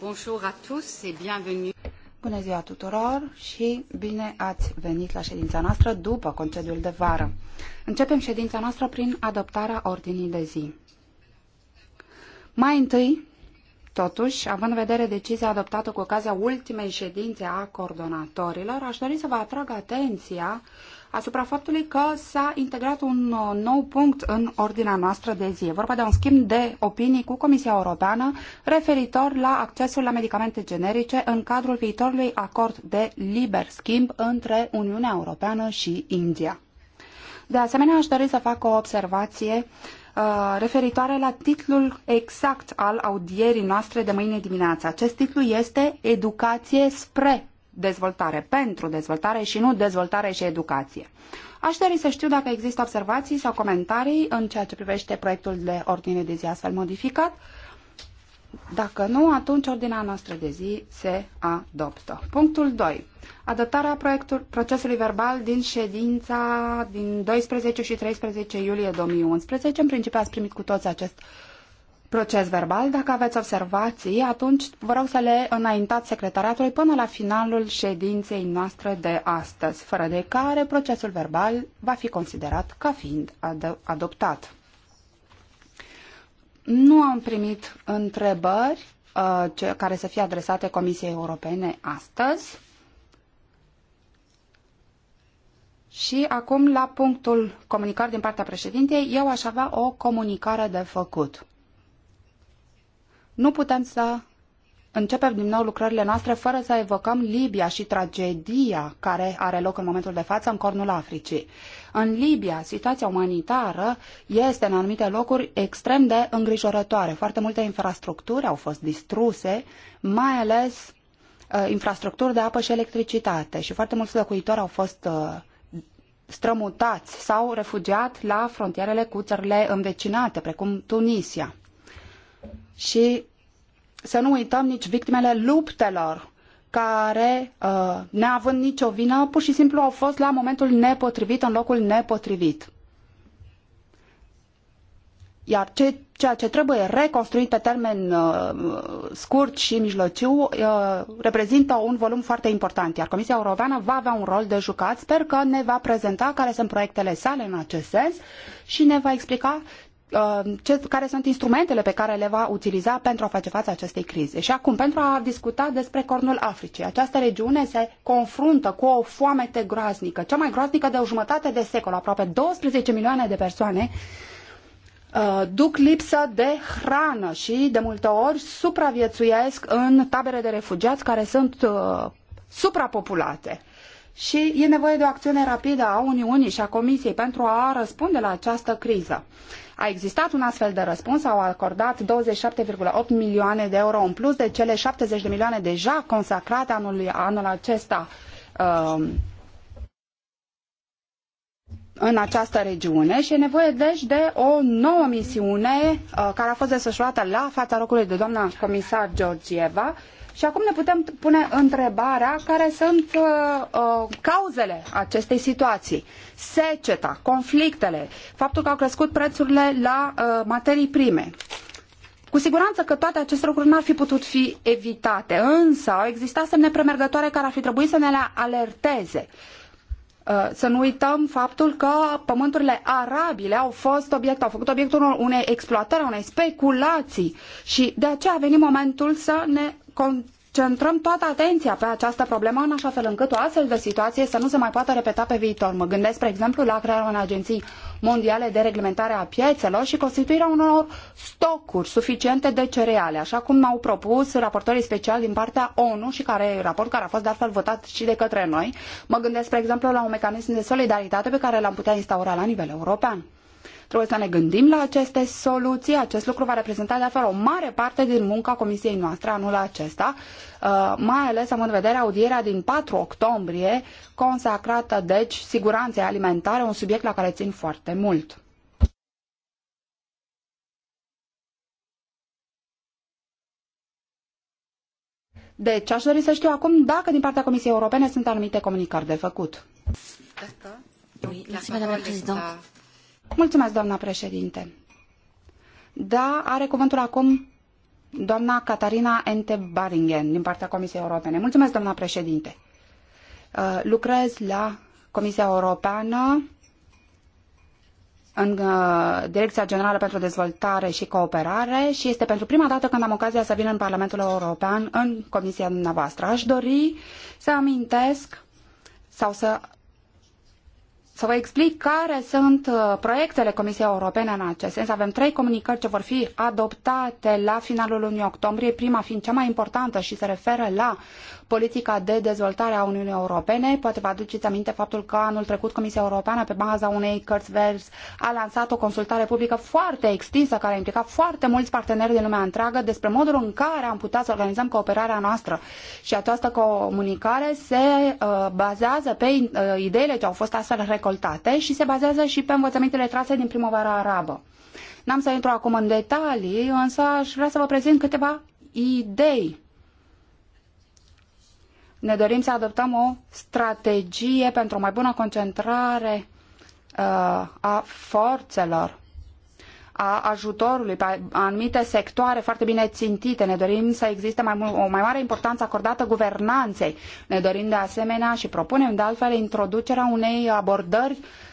bonjour à tous et bienvenue. Bună ziua tuturor și bine ați venit la ședința noastră după concediul de vară. Începem ședința noastră prin adoptarea ordinii de zi. Mai întâi, totuși, având în vedere decizia adoptată cu ocazia ultimei ședințe a coordonatorilor, aș dori să vă atrag atenția asupra faptului că s-a integrat un uh, nou punct în ordinea noastră de zi. vorba de un schimb de opinii cu Comisia Europeană referitor la accesul la medicamente generice în cadrul viitorului acord de liber schimb între Uniunea Europeană și India. De asemenea, aș dori să fac o observație uh, referitoare la titlul exact al audierii noastre de mâine dimineață. Acest titlu este Educație spre dezvoltare pentru dezvoltare și nu dezvoltare și educație. Aș dori să știu dacă există observații sau comentarii în ceea ce privește proiectul de ordine de zi astfel modificat. Dacă nu, atunci ordinea noastră de zi se adoptă. Punctul 2. Adoptarea procesului verbal din ședința din 12 și 13 iulie 2011. În principiu ați primit cu toți acest uh, proces verbal. Dacă aveți observații, atunci vă rog să le înaintați secretariatului până la finalul ședinței noastre de astăzi, fără de care procesul verbal va fi considerat ca fiind ad- adoptat. Nu am primit întrebări uh, ce, care să fie adresate Comisiei Europene astăzi. Și acum, la punctul comunicări din partea președintei, eu aș avea o comunicare de făcut. Nu putem să începem din nou lucrările noastre fără să evocăm Libia și tragedia care are loc în momentul de față în cornul Africii. În Libia, situația umanitară este în anumite locuri extrem de îngrijorătoare. Foarte multe infrastructuri au fost distruse, mai ales uh, infrastructuri de apă și electricitate și foarte mulți locuitori au fost uh, strămutați sau refugiat la frontierele cu țările învecinate, precum Tunisia și să nu uităm nici victimele luptelor care, uh, neavând nicio vină, pur și simplu au fost la momentul nepotrivit, în locul nepotrivit. Iar ce, ceea ce trebuie reconstruit pe termen uh, scurt și mijlociu uh, reprezintă un volum foarte important, iar Comisia Europeană va avea un rol de jucat. Sper că ne va prezenta care sunt proiectele sale în acest sens și ne va explica Uh, ce, care sunt instrumentele pe care le va utiliza pentru a face față acestei crize. Și acum, pentru a discuta despre Cornul Africii, această regiune se confruntă cu o foamete groaznică, cea mai groaznică de o jumătate de secol, aproape 12 milioane de persoane uh, duc lipsă de hrană și de multe ori supraviețuiesc în tabere de refugiați care sunt uh, suprapopulate și e nevoie de o acțiune rapidă a Uniunii și a Comisiei pentru a răspunde la această criză. A existat un astfel de răspuns, au acordat 27,8 milioane de euro în plus de cele 70 de milioane deja consacrate anul, anul acesta um, în această regiune și e nevoie deci de o nouă misiune uh, care a fost desfășurată la fața locului de doamna comisar Georgieva uh, și acum ne putem pune întrebarea care sunt uh, uh, cauzele acestei situații. Seceta, conflictele, faptul că au crescut prețurile la uh, materii prime. Cu siguranță că toate aceste lucruri n-ar fi putut fi evitate, însă au existat semne premergătoare care ar fi trebuit să ne le alerteze. Uh, să nu uităm faptul că pământurile arabile au fost obiect, au făcut obiectul unei exploatări, unei speculații și de aceea a venit momentul să ne concentrăm toată atenția pe această problemă în așa fel încât o astfel de situație să nu se mai poată repeta pe viitor. Mă gândesc, spre exemplu, la crearea unei agenții mondiale de reglementare a piețelor și constituirea unor stocuri suficiente de cereale, așa cum au propus raportorii speciali din partea ONU și care, raport care a fost de altfel votat și de către noi. Mă gândesc, spre exemplu, la un mecanism de solidaritate pe care l-am putea instaura la nivel european. Trebuie să ne gândim la aceste soluții. Acest lucru va reprezenta de altfel o mare parte din munca comisiei noastre anul acesta, uh, mai ales am în vedere audierea din 4 octombrie, consacrată deci siguranței alimentare, un subiect la care țin foarte mult. Deci, aș dori să știu acum dacă din partea Comisiei Europene sunt anumite comunicări de făcut. Mulțumesc, doamna președintă. Mulțumesc, doamna președinte. Da, are cuvântul acum doamna Catarina Ente Baringen din partea Comisiei Europene. Mulțumesc, doamna președinte. Uh, lucrez la Comisia Europeană în uh, Direcția Generală pentru Dezvoltare și Cooperare și este pentru prima dată când am ocazia să vin în Parlamentul European, în Comisia dumneavoastră. Aș dori să amintesc sau să să vă explic care sunt uh, proiectele Comisiei Europene în acest sens. Avem trei comunicări ce vor fi adoptate la finalul lunii octombrie, prima fiind cea mai importantă și se referă la politica de dezvoltare a Uniunii Europene. Poate vă aduceți aminte faptul că anul trecut Comisia Europeană, pe baza unei cărți verzi, a lansat o consultare publică foarte extinsă, care a implicat foarte mulți parteneri din lumea întreagă despre modul în care am putea să organizăm cooperarea noastră. Și această comunicare se uh, bazează pe uh, ideile ce au fost astfel recoltate și se bazează și pe învățămintele trase din primăvara arabă. N-am să intru acum în detalii, însă aș vrea să vă prezint câteva idei ne dorim să adoptăm o strategie pentru o mai bună concentrare uh, a forțelor, a ajutorului pe anumite sectoare foarte bine țintite. Ne dorim să existe mai mult, o mai mare importanță acordată guvernanței. Ne dorim de asemenea și propunem de altfel introducerea unei abordări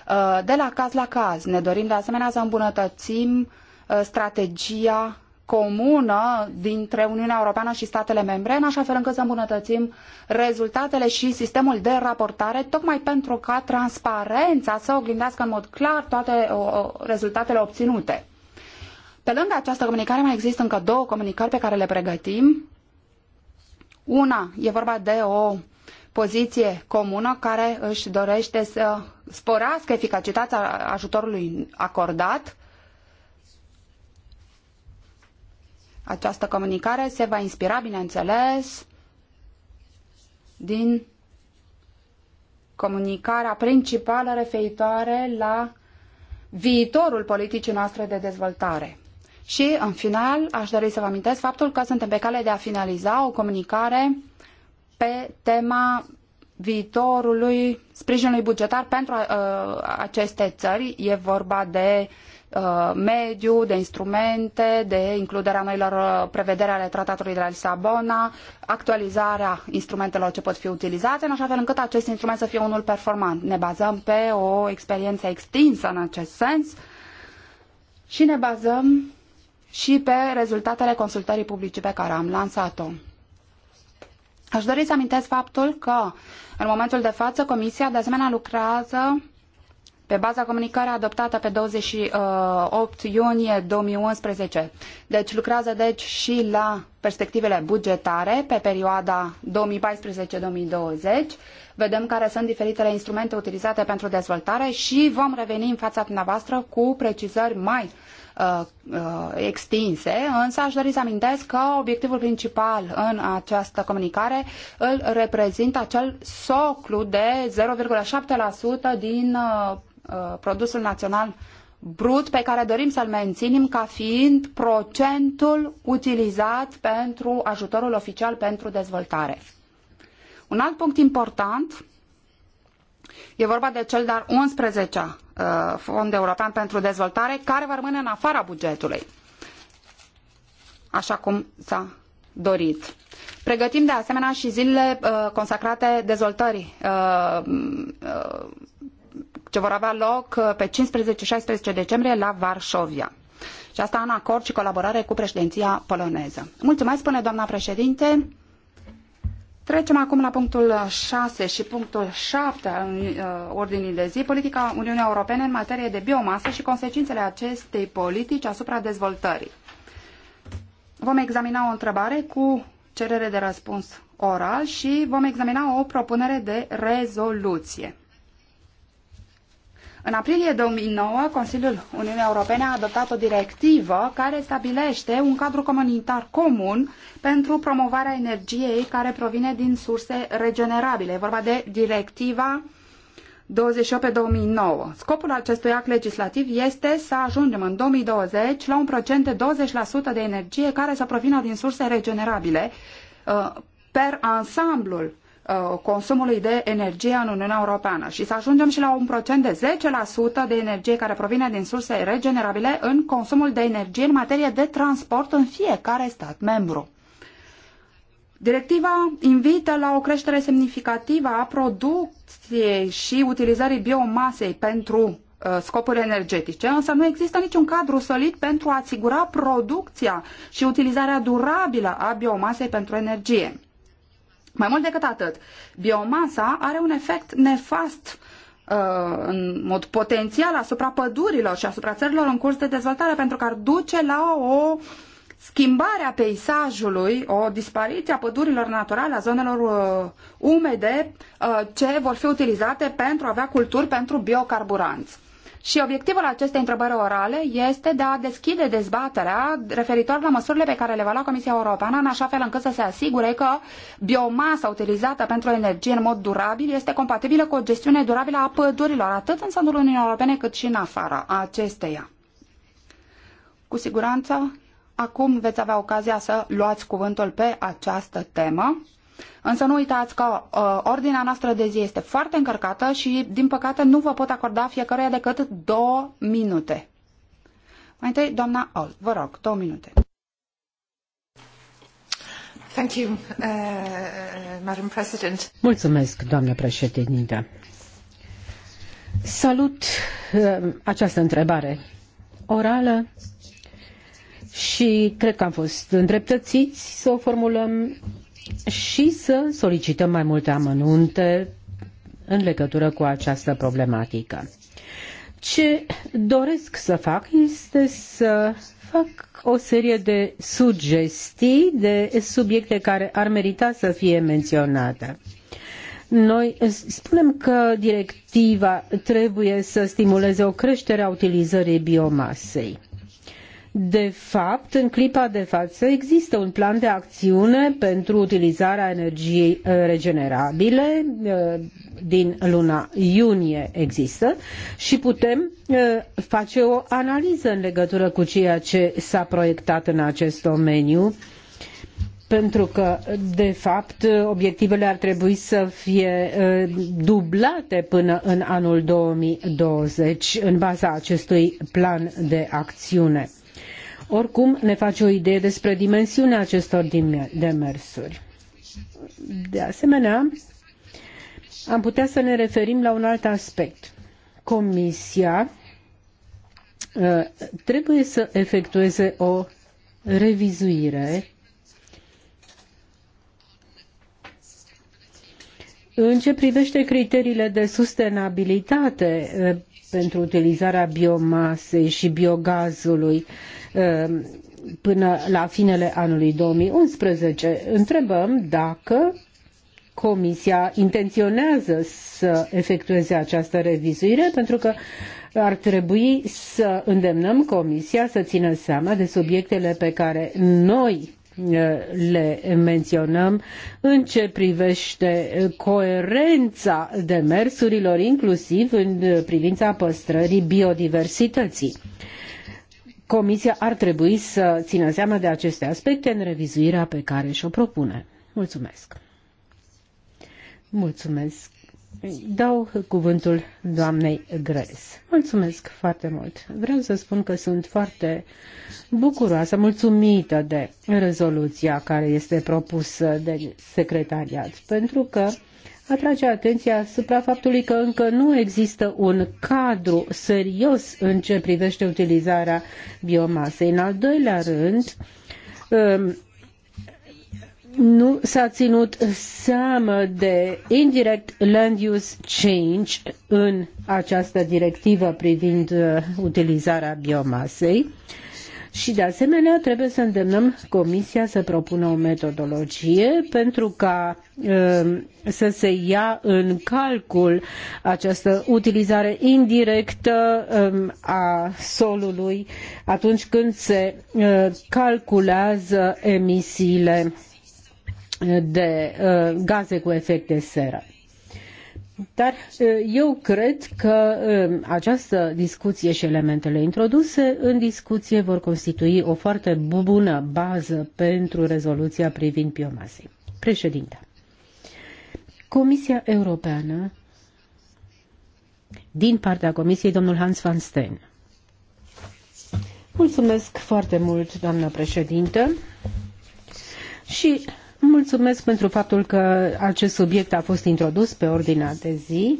uh, de la caz la caz. Ne dorim de asemenea să îmbunătățim uh, strategia comună dintre Uniunea Europeană și statele membre, în așa fel încât să îmbunătățim rezultatele și sistemul de raportare, tocmai pentru ca transparența să oglindească în mod clar toate rezultatele obținute. Pe lângă această comunicare mai există încă două comunicări pe care le pregătim. Una e vorba de o poziție comună care își dorește să sporească eficacitatea ajutorului acordat Această comunicare se va inspira, bineînțeles, din comunicarea principală referitoare la viitorul politicii noastre de dezvoltare. Și, în final, aș dori să vă amintesc faptul că suntem pe cale de a finaliza o comunicare pe tema viitorului sprijinului bugetar pentru uh, aceste țări. E vorba de Uh, mediu, de instrumente, de includerea noilor uh, prevederi ale tratatului de la Lisabona, actualizarea instrumentelor ce pot fi utilizate, în așa fel încât acest instrument să fie unul performant. Ne bazăm pe o experiență extinsă în acest sens și ne bazăm și pe rezultatele consultării publice pe care am lansat-o. Aș dori să amintesc faptul că în momentul de față Comisia de asemenea lucrează pe baza comunicării adoptată pe 28 uh, iunie 2011. Deci lucrează deci și la perspectivele bugetare pe perioada 2014-2020. Vedem care sunt diferitele instrumente utilizate pentru dezvoltare și vom reveni în fața dumneavoastră cu precizări mai uh, uh, extinse, însă aș dori să amintesc că obiectivul principal în această comunicare îl reprezintă acel soclu de 0,7% din Uh, produsul național brut pe care dorim să-l menținem ca fiind procentul utilizat pentru ajutorul oficial pentru dezvoltare. Un alt punct important e vorba de cel de-al 11-a uh, Fond European pentru Dezvoltare care va rămâne în afara bugetului, așa cum s-a dorit. Pregătim de asemenea și zilele uh, consacrate dezvoltării uh, uh ce vor avea loc uh, pe 15-16 decembrie la Varșovia. Și asta în acord și colaborare cu președinția poloneză. Mulțumesc, spune doamna președinte. Trecem acum la punctul 6 și punctul 7 al uh, ordinii de zi, politica Uniunii Europene în materie de biomasă și consecințele acestei politici asupra dezvoltării. Vom examina o întrebare cu cerere de răspuns oral și vom examina o propunere de rezoluție. În aprilie 2009, Consiliul Uniunii Europene a adoptat o directivă care stabilește un cadru comunitar comun pentru promovarea energiei care provine din surse regenerabile. E vorba de directiva 28 pe 2009. Scopul acestui act legislativ este să ajungem în 2020 la un procent de 20% de energie care să provină din surse regenerabile uh, per ansamblul Uh, consumului de energie în Uniunea Europeană și să ajungem și la un procent de 10% de energie care provine din surse regenerabile în consumul de energie în materie de transport în fiecare stat membru. Directiva invită la o creștere semnificativă a producției și utilizării biomasei pentru uh, scopuri energetice, însă nu există niciun cadru solid pentru a asigura producția și utilizarea durabilă a biomasei pentru energie. Mai mult decât atât, biomasa are un efect nefast uh, în mod potențial asupra pădurilor și asupra țărilor în curs de dezvoltare, pentru că ar duce la o schimbare a peisajului, o dispariție a pădurilor naturale, a zonelor uh, umede, uh, ce vor fi utilizate pentru a avea culturi pentru biocarburanți. Și obiectivul acestei întrebări orale este de a deschide dezbaterea referitor la măsurile pe care le va lua Comisia Europeană, în așa fel încât să se asigure că biomasa utilizată pentru energie în mod durabil este compatibilă cu o gestiune durabilă a pădurilor, atât în sânul Uniunii Europene cât și în afara acesteia. Cu siguranță, acum veți avea ocazia să luați cuvântul pe această temă. Însă nu uitați că uh, ordinea noastră de zi este foarte încărcată și, din păcate, nu vă pot acorda fiecăruia decât două minute. Mai întâi, doamna Ol, vă rog, două minute. Thank you, uh, Madam President. Mulțumesc, doamnă președinte. Salut uh, această întrebare orală și cred că am fost îndreptățiți să o formulăm și să solicităm mai multe amănunte în legătură cu această problematică. Ce doresc să fac este să fac o serie de sugestii de subiecte care ar merita să fie menționate. Noi spunem că directiva trebuie să stimuleze o creștere a utilizării biomasei de fapt, în clipa de față există un plan de acțiune pentru utilizarea energiei uh, regenerabile uh, din luna iunie există și putem uh, face o analiză în legătură cu ceea ce s-a proiectat în acest domeniu pentru că, de fapt, obiectivele ar trebui să fie dublate până în anul 2020 în baza acestui plan de acțiune. Oricum, ne face o idee despre dimensiunea acestor demersuri. De asemenea, am putea să ne referim la un alt aspect. Comisia ă, trebuie să efectueze o revizuire În ce privește criteriile de sustenabilitate ă, pentru utilizarea biomasei și biogazului, Ehm, până la finele anului 2011. Întrebăm dacă Comisia intenționează să efectueze această revizuire, pentru că ar trebui să îndemnăm Comisia să țină seama de subiectele pe care noi eh, le menționăm în ce privește coerența demersurilor, inclusiv în eh, privința păstrării biodiversității. Comisia ar trebui să țină seama de aceste aspecte în revizuirea pe care și-o propune. Mulțumesc! Mulțumesc! Dau cuvântul doamnei Gres. Mulțumesc foarte mult. Vreau să spun că sunt foarte bucuroasă, mulțumită de rezoluția care este propusă de secretariat, pentru că atrage atenția asupra faptului că încă nu există un cadru serios în ce privește utilizarea biomasei. În al doilea rând, um, nu s-a ținut seamă de indirect land use change în această directivă privind uh, utilizarea biomasei. Uh, și de asemenea trebuie să îndemnăm Comisia să propună o metodologie pentru ca um, să se ia în calcul această utilizare indirectă um, a solului atunci când se uh, calculează emisiile de uh, gaze cu efect de seră. Dar eu cred că această discuție și elementele introduse în discuție vor constitui o foarte bună bază pentru rezoluția privind biomasei. Președinte, Comisia Europeană, din partea Comisiei, domnul Hans van Steen. Mulțumesc foarte mult, doamnă președinte, Și Mulțumesc pentru faptul că acest subiect a fost introdus pe ordinea de zi.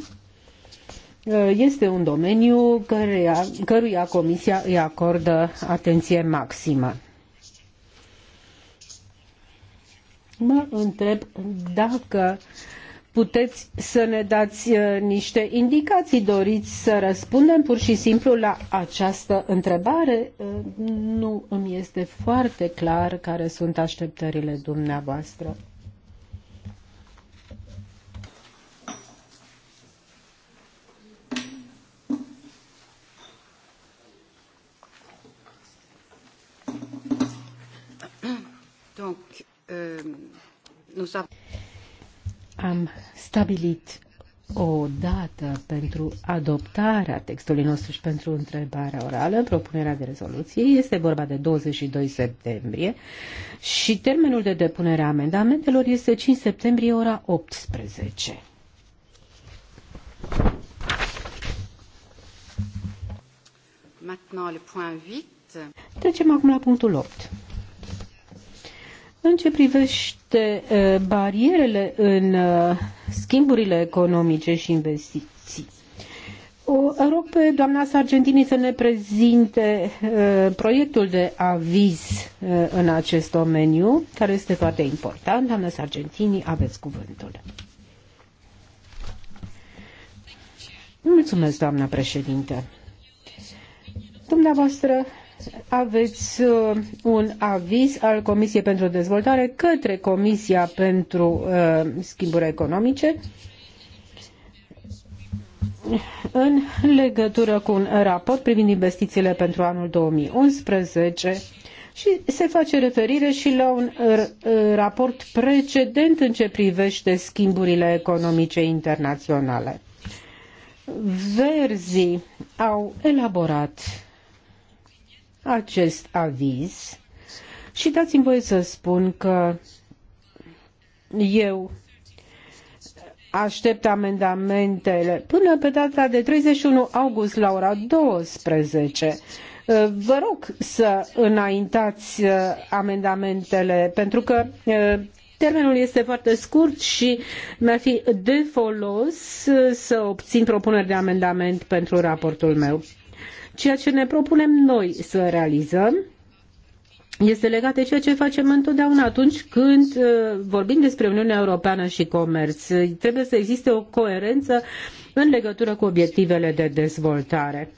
Este un domeniu căruia, căruia Comisia îi acordă atenție maximă. Mă întreb dacă uh, puteți să ne dați uh, niște indicații? Doriți să răspundem pur și simplu la această întrebare? Uh, nu îmi este foarte clar care sunt așteptările dumneavoastră. Donc, euh, nous avons... Am stabilit o dată pentru adoptarea textului nostru și pentru întrebarea orală, propunerea de rezoluție, este vorba de 22 septembrie și termenul de depunere a amendamentelor este 5 septembrie ora 18. Trecem acum la punctul 8. În ce privește barierele în schimburile economice și investiții, o rog pe doamna Sargentini să ne prezinte proiectul de aviz în acest domeniu, care este foarte important. Doamna Sargentini, aveți cuvântul. Mulțumesc, doamna președinte. Dumneavoastră aveți uh, un aviz al Comisiei pentru Dezvoltare către Comisia pentru uh, Schimburi Economice în legătură cu un raport privind investițiile pentru anul 2011 și se face referire și la un uh, raport precedent în ce privește schimburile economice internaționale. Verzii au elaborat acest aviz și dați-mi voie să spun că eu aștept amendamentele până pe data de 31 august la ora 12. Uh, vă rog să înaintați uh, amendamentele, pentru că uh, termenul este foarte scurt și mi-ar fi de folos să obțin propuneri de amendament pentru raportul meu. Ceea ce ne propunem noi să realizăm este legat de ceea ce facem întotdeauna atunci când uh, vorbim despre Uniunea Europeană și comerț. Trebuie să existe o coerență în legătură cu obiectivele de dezvoltare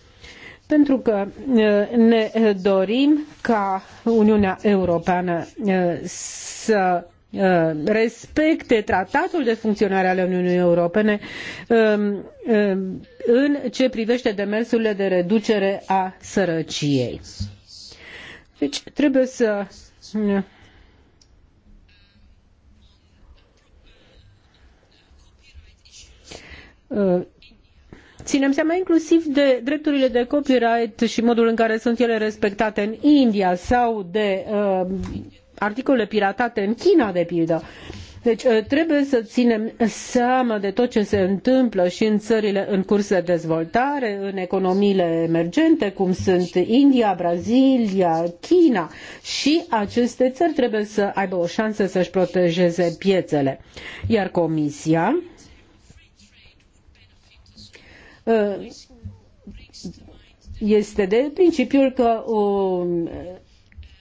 pentru că uh, ne dorim ca Uniunea Europeană uh, să Uh, respecte tratatul de funcționare ale Uniunii Europene um, um, în ce privește demersurile de reducere a sărăciei. Deci trebuie să uh, Ținem seama inclusiv de drepturile de copyright și modul în care sunt ele respectate în India sau de uh, articole piratate în China, de pildă. Deci ă, trebuie să ținem seama de tot ce se întâmplă și în țările în curs de dezvoltare, în economiile emergente, cum sunt India, Brazilia, China și aceste țări trebuie să aibă o șansă să-și protejeze piețele. Iar Comisia ă, este de principiul că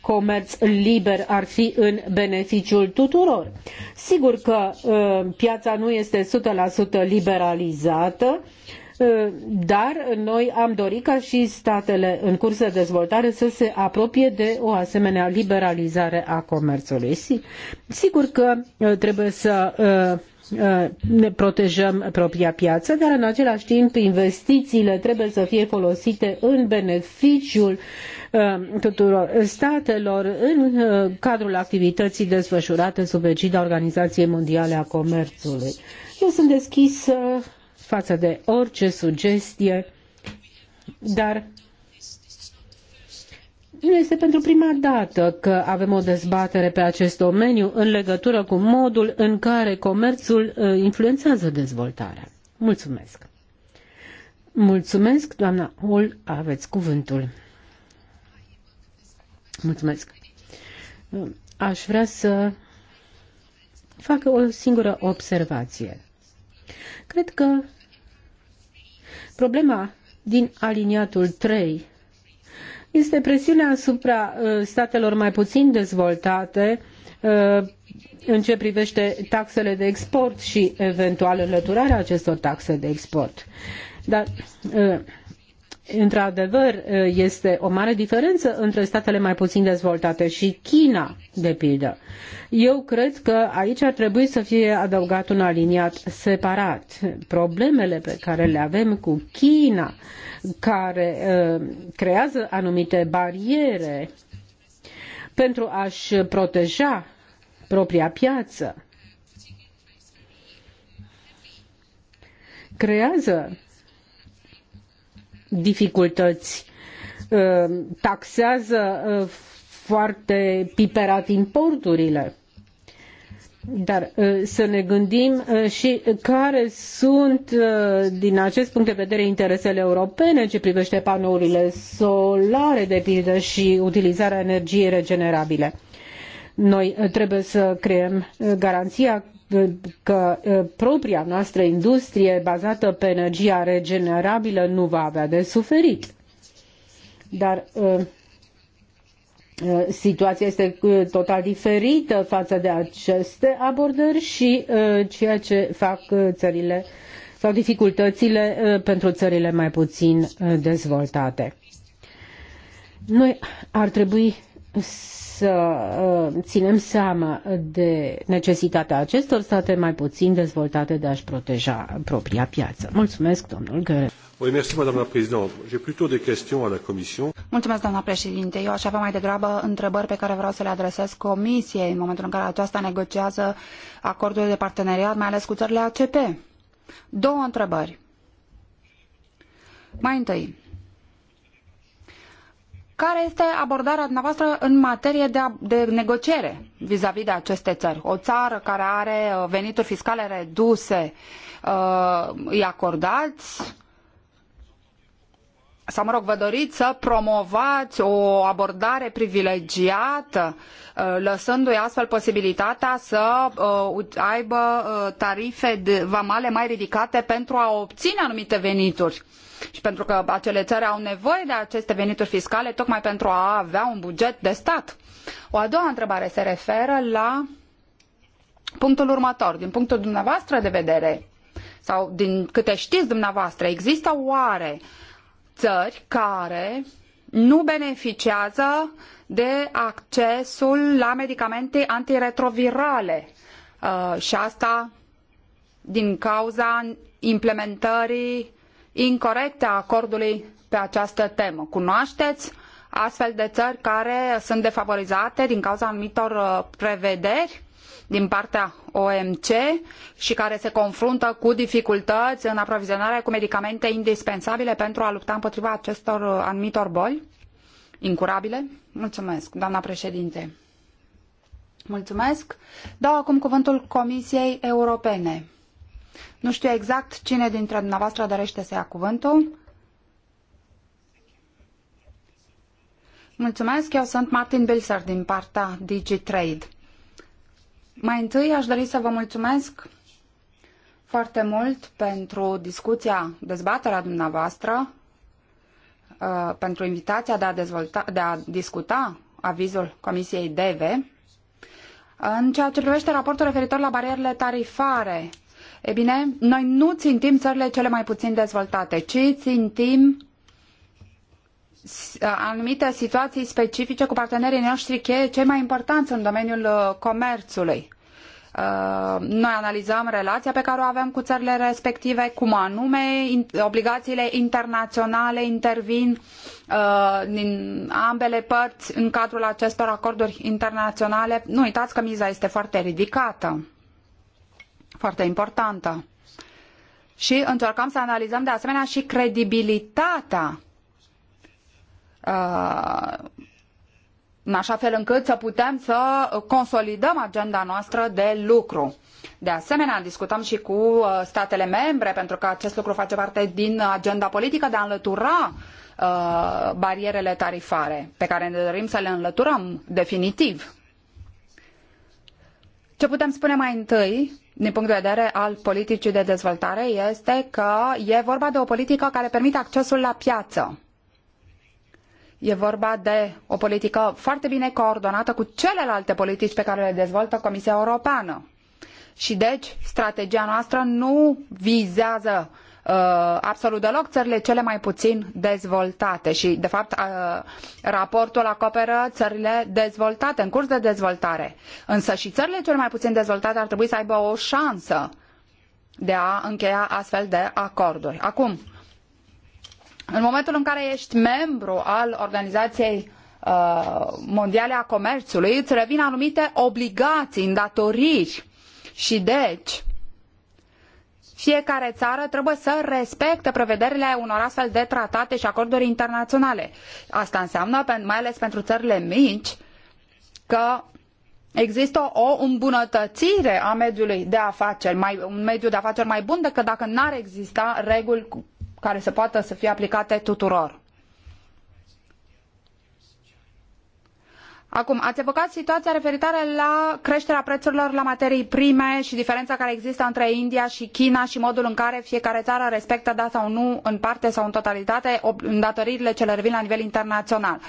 comerț liber ar fi în beneficiul tuturor. Sigur că uh, piața nu este 100% liberalizată, uh, dar noi am dorit ca și statele în curs de dezvoltare să se apropie de o asemenea liberalizare a comerțului. Sigur că uh, trebuie să Uh, ne protejăm propria piață, dar în același timp investițiile trebuie să fie folosite în beneficiul uh, tuturor statelor în uh, cadrul activității desfășurate sub egida Organizației Mondiale a Comerțului. Eu sunt deschisă față de orice sugestie, dar nu este pentru prima dată că avem o dezbatere pe acest domeniu în legătură cu modul în care comerțul uh, influențează dezvoltarea. Mulțumesc! Mulțumesc, doamna Hol, aveți cuvântul. Mulțumesc. Uh, aș vrea să fac o singură observație. Cred că problema din aliniatul 3 este presiunea asupra uh, statelor mai puțin dezvoltate uh, în ce privește taxele de export și eventual înlăturarea acestor taxe de export. Dar uh, într-adevăr, este o mare diferență între statele mai puțin dezvoltate și China, de pildă. Eu cred că aici ar trebui să fie adăugat un aliniat separat. Problemele pe care le avem cu China, care uh, creează anumite bariere pentru a-și proteja propria piață, creează dificultăți. Uh, taxează uh, foarte piperat importurile. Dar uh, să ne gândim și care sunt, din acest punct de vedere, interesele europene ce privește panourile solare, de pildă, și utilizarea energiei regenerabile. Noi trebuie să creăm garanția că propria noastră industrie bazată pe energia regenerabilă nu va avea de suferit. Dar situația este total diferită față de aceste abordări și ceea ce fac țările sau dificultățile pentru țările mai puțin dezvoltate. Noi ar trebui să uh, ținem seama de necesitatea acestor state mai puțin dezvoltate de a-și proteja propria piață. Mulțumesc, domnul Găre. Mulțumesc, doamna președinte. Eu aș avea mai degrabă întrebări pe care vreau să le adresez Comisiei în momentul în care aceasta negociază acordul de parteneriat, mai ales cu țările ACP. Două întrebări. Mai întâi, care este abordarea dumneavoastră în materie de, de negociere vis-a-vis -vis de aceste țări? O țară care are uh, venituri fiscale reduse, uh, îi acordați sau, mă rog, vă doriți să promovați o abordare privilegiată, uh, lăsându-i astfel posibilitatea să uh, aibă tarife de vamale mai ridicate pentru a obține anumite venituri și pentru că acele țări au nevoie de aceste venituri fiscale tocmai pentru a avea un buget de stat. O a doua întrebare se referă la punctul următor. Din punctul dumneavoastră de vedere, sau din câte știți dumneavoastră, există oare țări care nu beneficiază de accesul la medicamente antiretrovirale uh, și asta din cauza implementării incorecte a acordului pe această temă. Cunoașteți astfel de țări care sunt defavorizate din cauza anumitor uh, prevederi din partea OMC și care se confruntă cu dificultăți în aprovizionarea cu medicamente indispensabile pentru a lupta împotriva acestor uh, anumitor boli incurabile? Mulțumesc, doamna președinte. Mulțumesc. Dau acum cuvântul Comisiei Europene. Nu știu exact cine dintre dumneavoastră dorește să ia cuvântul. Mulțumesc, eu sunt Martin Bilser din partea DigiTrade. Mai întâi aș dori să vă mulțumesc foarte mult pentru discuția, dezbaterea dumneavoastră, uh, pentru invitația de a, dezvolta, de a discuta avizul Comisiei DV. În ceea ce privește raportul referitor la barierele tarifare, E bine, noi nu țintim țările cele mai puțin dezvoltate, ci țintim uh, anumite situații specifice cu partenerii noștri cheie, cei mai importanți în domeniul uh, comerțului. Uh, noi analizăm relația pe care o avem cu țările respective, cum anume obligațiile internaționale intervin din ambele părți în cadrul acestor acorduri internaționale. Nu uitați că miza este foarte ridicată foarte importantă. Și încercăm să analizăm de asemenea și credibilitatea uh, în așa fel încât să putem să consolidăm agenda noastră de lucru. De asemenea, discutăm și cu uh, statele membre, pentru că acest lucru face parte din agenda politică de a înlătura uh, barierele tarifare, pe care ne dorim să le înlăturăm definitiv. Ce putem spune mai întâi din punct de vedere al politicii de dezvoltare este că e vorba de o politică care permite accesul la piață. E vorba de o politică foarte bine coordonată cu celelalte politici pe care le dezvoltă Comisia Europeană. Și deci, strategia noastră nu vizează uh, uh, absolut deloc țările cele mai puțin dezvoltate și, de fapt, uh, raportul acoperă țările dezvoltate, în curs de dezvoltare. Însă și țările cele mai puțin dezvoltate ar trebui să aibă o șansă de a încheia astfel de acorduri. Acum, în momentul în care ești membru al organizației uh, mondiale a comerțului, îți revin anumite obligații, îndatoriri și deci fiecare țară trebuie să respecte prevederile unor astfel de tratate și acorduri internaționale. Asta înseamnă, mai ales pentru țările mici, că există o îmbunătățire a mediului de afaceri, mai, un mediu de afaceri mai bun decât dacă n-ar exista reguli care să poată să fie aplicate tuturor. Acum, ați evocat situația referitoare la creșterea prețurilor la materii prime și diferența care există între India și China și modul în care fiecare țară respectă, da sau nu, în parte sau în totalitate, îndatoririle ce le revin la nivel internațional.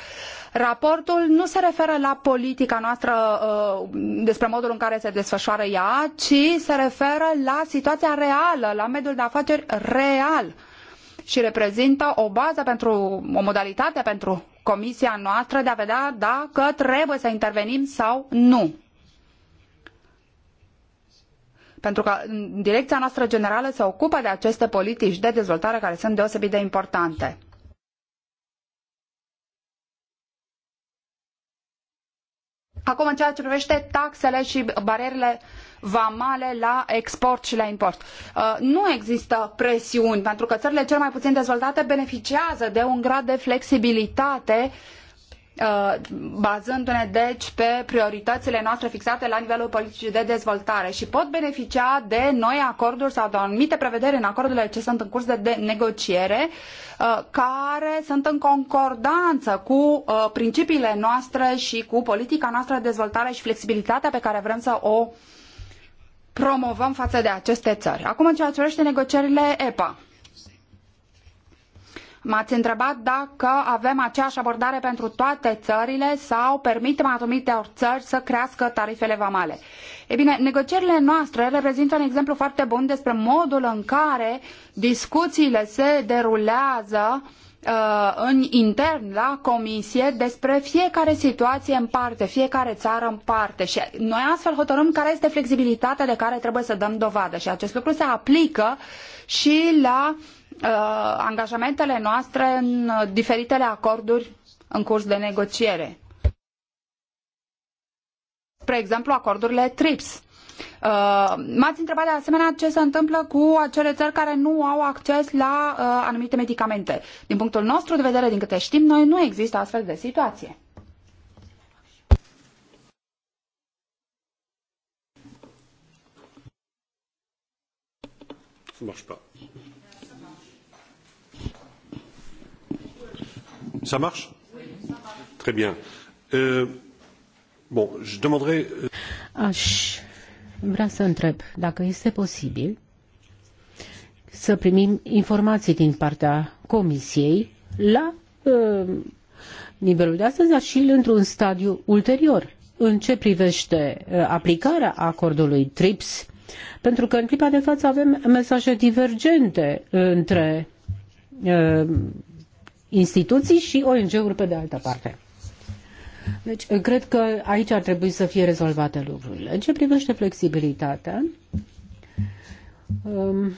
Raportul nu se referă la politica noastră uh, despre modul în care se desfășoară ea, ci se referă la situația reală, la mediul de afaceri real și reprezintă o bază pentru, o modalitate pentru comisia noastră de a vedea dacă trebuie să intervenim sau nu. Pentru că direcția noastră generală se ocupă de aceste politici de dezvoltare care sunt deosebit de importante. Acum, în ceea ce privește taxele și barierele vamale la export și la import. Uh, nu există presiuni, pentru că țările cel mai puțin dezvoltate beneficiază de un grad de flexibilitate Uh, bazându-ne deci pe prioritățile noastre fixate la nivelul politicii de dezvoltare și pot beneficia de noi acorduri sau de anumite prevederi în acordurile ce sunt în curs de negociere uh, care sunt în concordanță cu uh, principiile noastre și cu politica noastră de dezvoltare și flexibilitatea pe care vrem să o promovăm față de aceste țări. Acum în ceea ce privește negocierile EPA. M-ați întrebat dacă avem aceeași abordare pentru toate țările sau permitem anumitor țări să crească tarifele vamale. E bine, negocierile noastre reprezintă un exemplu foarte bun despre modul în care discuțiile se derulează uh, în intern la comisie despre fiecare situație în parte, fiecare țară în parte și noi astfel hotărâm care este flexibilitatea de care trebuie să dăm dovadă și acest lucru se aplică și la Uh, angajamentele noastre în diferitele acorduri în curs de negociere. Spre exemplu, acordurile TRIPS. Uh, m-ați întrebat de asemenea ce se întâmplă cu acele țări care nu au acces la uh, anumite medicamente. Din punctul nostru de vedere, din câte știm noi, nu există astfel de situație. Ça marche pas. Ça marche Très bien. Euh, bon, je demanderai... Euh, Aș vrea să întreb dacă este posibil să primim informații din partea Comisiei la uh, nivelul de astăzi, dar și într-un stadiu ulterior în ce privește uh, aplicarea acordului TRIPS, pentru că în clipa de față avem mesaje divergente între uh, instituții și ONG-uri pe de altă parte. Deci, cred că aici ar trebui să fie rezolvate lucrurile. În ce privește flexibilitatea, um,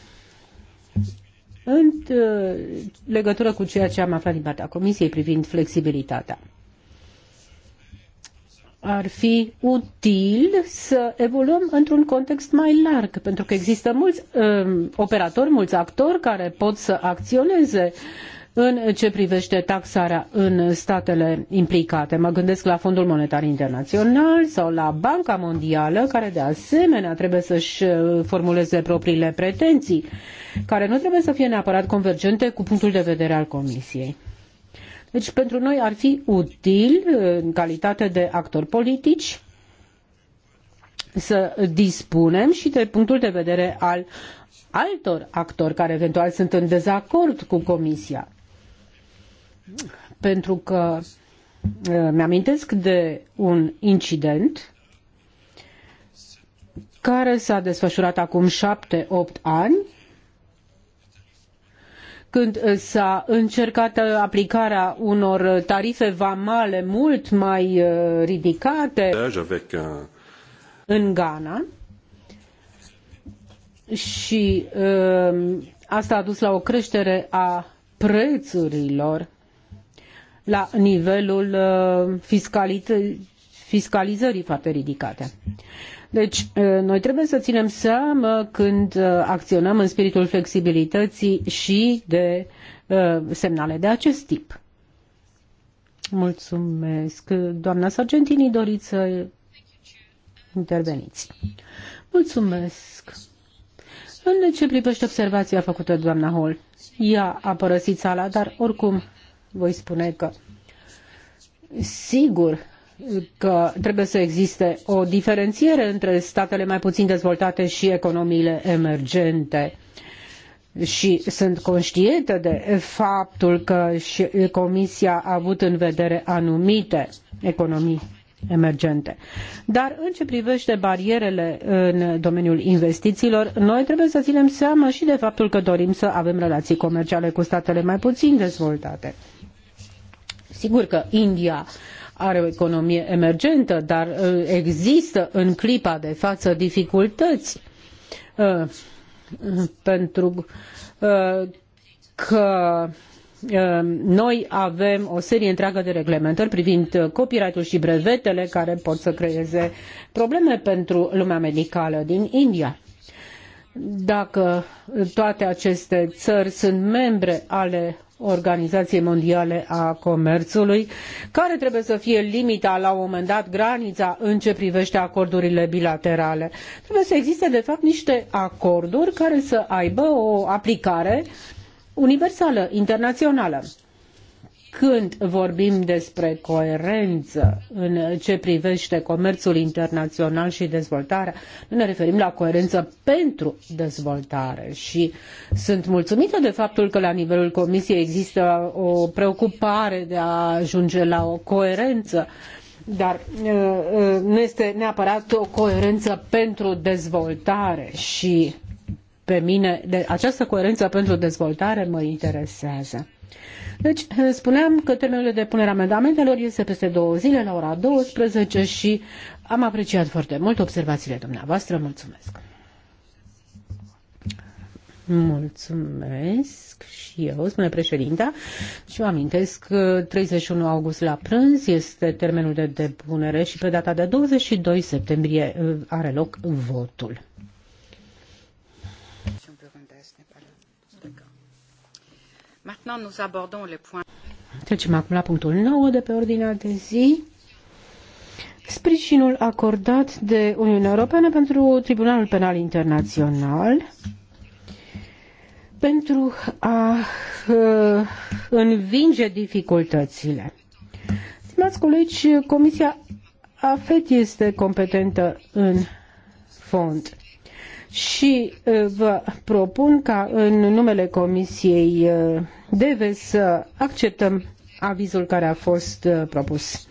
în uh, legătură cu ceea ce am aflat din partea Comisiei privind flexibilitatea, ar fi util să evoluăm într-un context mai larg, pentru că există mulți um, operatori, mulți actori care pot să acționeze uh, în ce privește taxarea în statele implicate. Mă gândesc la Fondul Monetar Internațional sau la Banca Mondială, care de asemenea trebuie să-și uh, formuleze propriile pretenții, care nu trebuie să fie neapărat convergente cu punctul de vedere al Comisiei. Deci pentru noi ar fi util, uh, în calitate de actori politici, să dispunem și de punctul de vedere al altor actori care eventual sunt în dezacord cu Comisia pentru că uh, mi-amintesc de un incident care s-a desfășurat acum șapte-opt ani când s-a încercat uh, aplicarea unor tarife vamale mult mai uh, ridicate deci, în Ghana și asta a dus la o creștere a prețurilor la nivelul uh, fiscalizării foarte ridicate. Deci, uh, noi trebuie să ținem seama când uh, acționăm în spiritul flexibilității și de semnale de acest tip. Mulțumesc. Doamna Sargentini, doriți să interveniți. Mulțumesc. În ce privește observația făcută doamna Hall, ea a părăsit sala, dar oricum voi spune că sigur că trebuie să existe o diferențiere între statele mai puțin dezvoltate și economiile emergente și sunt conștientă de faptul că și Comisia a avut în vedere anumite economii emergente. Dar în ce privește barierele în domeniul investițiilor, noi trebuie să ținem seama și de faptul că dorim să avem relații comerciale cu statele mai puțin dezvoltate. Sigur că India are o economie emergentă, dar uh, există în clipa de față dificultăți uh, pentru uh, că noi avem o serie întreagă de reglementări privind copyright-ul și brevetele care pot să creeze probleme pentru lumea medicală din India. Dacă toate aceste țări sunt membre ale Organizației Mondiale a Comerțului, care trebuie să fie limita la un moment dat, granița în ce privește acordurile bilaterale. Trebuie să existe, de fapt, niște acorduri care să aibă o aplicare universală, internațională când vorbim despre coerență în ce privește comerțul internațional și dezvoltarea, nu ne referim la coerență pentru dezvoltare și sunt mulțumită de faptul că la nivelul Comisiei există o preocupare de a ajunge la o coerență dar uh, uh, nu este neapărat o coerență pentru dezvoltare și pe mine de această coerență pentru dezvoltare mă interesează. Deci, eh, spuneam că termenul de punere a amendamentelor este peste două zile, la ora 12 și am apreciat foarte mult observațiile dumneavoastră. Mulțumesc! Mulțumesc și eu, spune președinta. Și vă amintesc că 31 august la prânz este termenul de depunere și pe data de 22 septembrie eh, are loc votul. Maintenant, nous abordons le point... Trecem acum la punctul 9 de pe ordinea de zi. Sprijinul acordat de Uniunea Europeană pentru Tribunalul Penal Internațional pentru a uh, învinge dificultățile. Stimați colegi, Comisia AFET este competentă în fond și uh, vă propun ca în numele Comisiei uh, DEVE să acceptăm avizul care a fost uh, propus.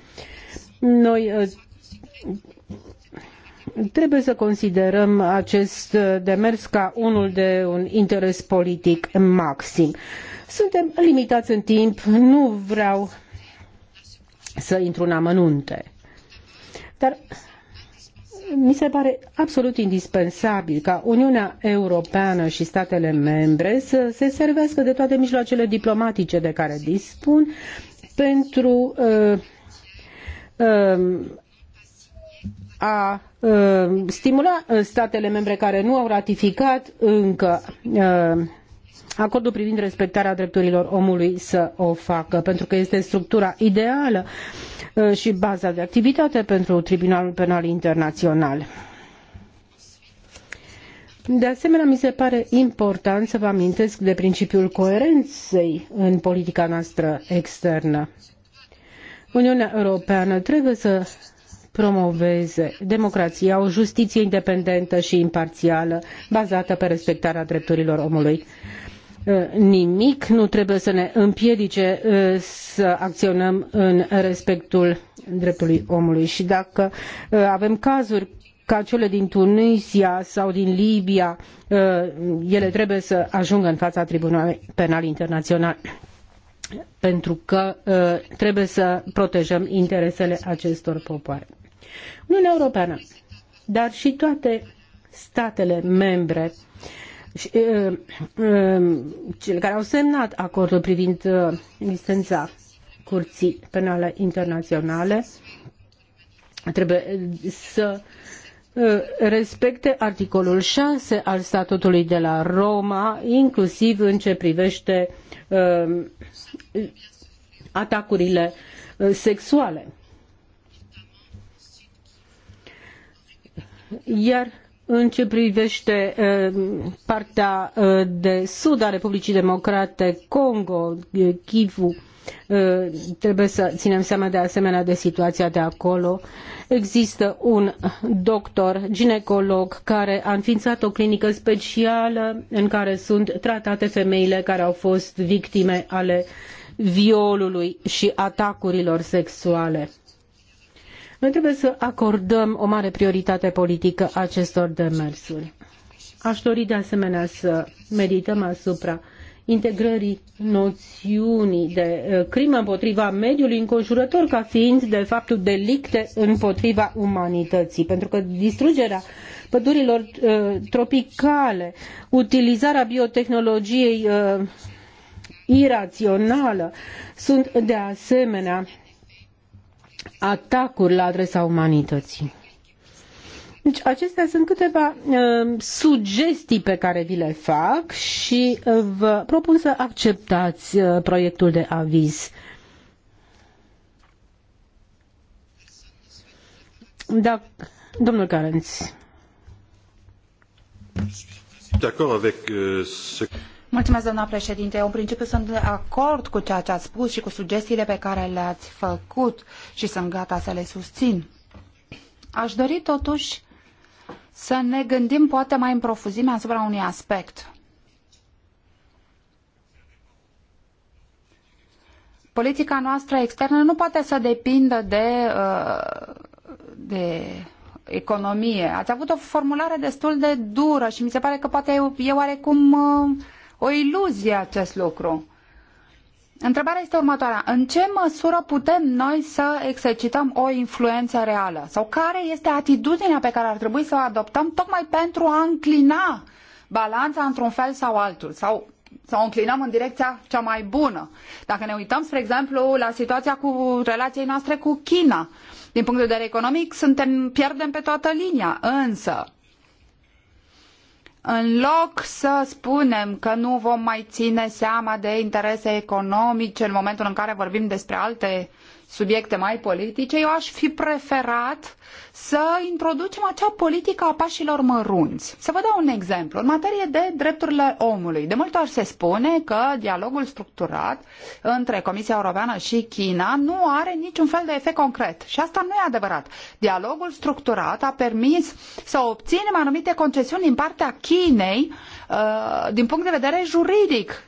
Noi trebuie să considerăm acest demers ca unul de un interes politic maxim. Suntem limitați în timp, nu vreau să intru în amănunte. Dar mi se pare absolut indispensabil ca Uniunea Europeană și statele membre să se servească de toate mijloacele diplomatice de care dispun pentru uh, uh, a uh, stimula uh, statele membre care nu au ratificat încă uh, acordul privind respectarea drepturilor omului să o facă, pentru că este structura ideală uh, și baza de activitate pentru Tribunalul Penal Internațional. De asemenea, mi se pare important să vă amintesc de principiul coerenței în politica noastră externă. Uniunea Europeană trebuie să promoveze democrația, o justiție independentă și imparțială, bazată pe respectarea drepturilor omului. Uh, nimic nu trebuie să ne împiedice uh, să acționăm în respectul dreptului omului. Și dacă uh, avem cazuri ca cele din Tunisia sau din Libia, ele trebuie să ajungă în fața Tribunalului Penal Internațional pentru că trebuie să protejăm interesele acestor popoare. Uniunea Europeană, dar și toate statele membre uh, cele care au semnat acordul privind existența Curții Penale Internaționale trebuie să respecte articolul 6 al statutului de la Roma, inclusiv în ce privește atacurile sexuale. Iar în ce privește partea de sud a Republicii Democrate, Congo, Kivu, trebuie să ținem seama de asemenea de situația de acolo. Există un doctor ginecolog care a înființat o clinică specială în care sunt tratate femeile care au fost victime ale violului și atacurilor sexuale. Noi trebuie să acordăm o mare prioritate politică acestor demersuri. Aș dori de asemenea să medităm asupra integrării noțiunii de uh, crimă împotriva mediului înconjurător ca fiind, de fapt, delicte împotriva umanității. Pentru că distrugerea pădurilor uh, tropicale, utilizarea biotehnologiei uh, irațională sunt, de asemenea, atacuri la adresa umanității. Deci acestea sunt câteva uh, sugestii pe care vi le fac și uh, vă propun să acceptați uh, proiectul de aviz. Da, domnul Carenț. D'accord avec euh, ce președinte. Eu, în principiu, sunt de acord cu ceea ce ați spus și cu sugestiile pe care le-ați făcut și sunt gata să le susțin. Aș dori, totuși, să ne gândim poate mai în profuzime asupra unui aspect. Politica noastră externă nu poate să depindă de, uh, de economie. Ați avut o formulare destul de dură și mi se pare că poate e oarecum uh, o iluzie acest lucru. Întrebarea este următoarea. În ce măsură putem noi să exercităm o influență reală? Sau care este atitudinea pe care ar trebui să o adoptăm tocmai pentru a înclina balanța într-un fel sau altul? Sau să o înclinăm în direcția cea mai bună. Dacă ne uităm, spre exemplu, la situația cu relației noastre cu China, din punct de vedere economic, suntem, pierdem pe toată linia, însă în loc să spunem că nu vom mai ține seama de interese economice în momentul în care vorbim despre alte subiecte mai politice, eu aș fi preferat să introducem acea politică a pașilor mărunți. Să vă dau un exemplu. În materie de drepturile omului, de multe ori se spune că dialogul structurat între Comisia Europeană și China nu are niciun fel de efect concret. Și asta nu e adevărat. Dialogul structurat a permis să obținem anumite concesiuni din partea Chinei uh, din punct de vedere juridic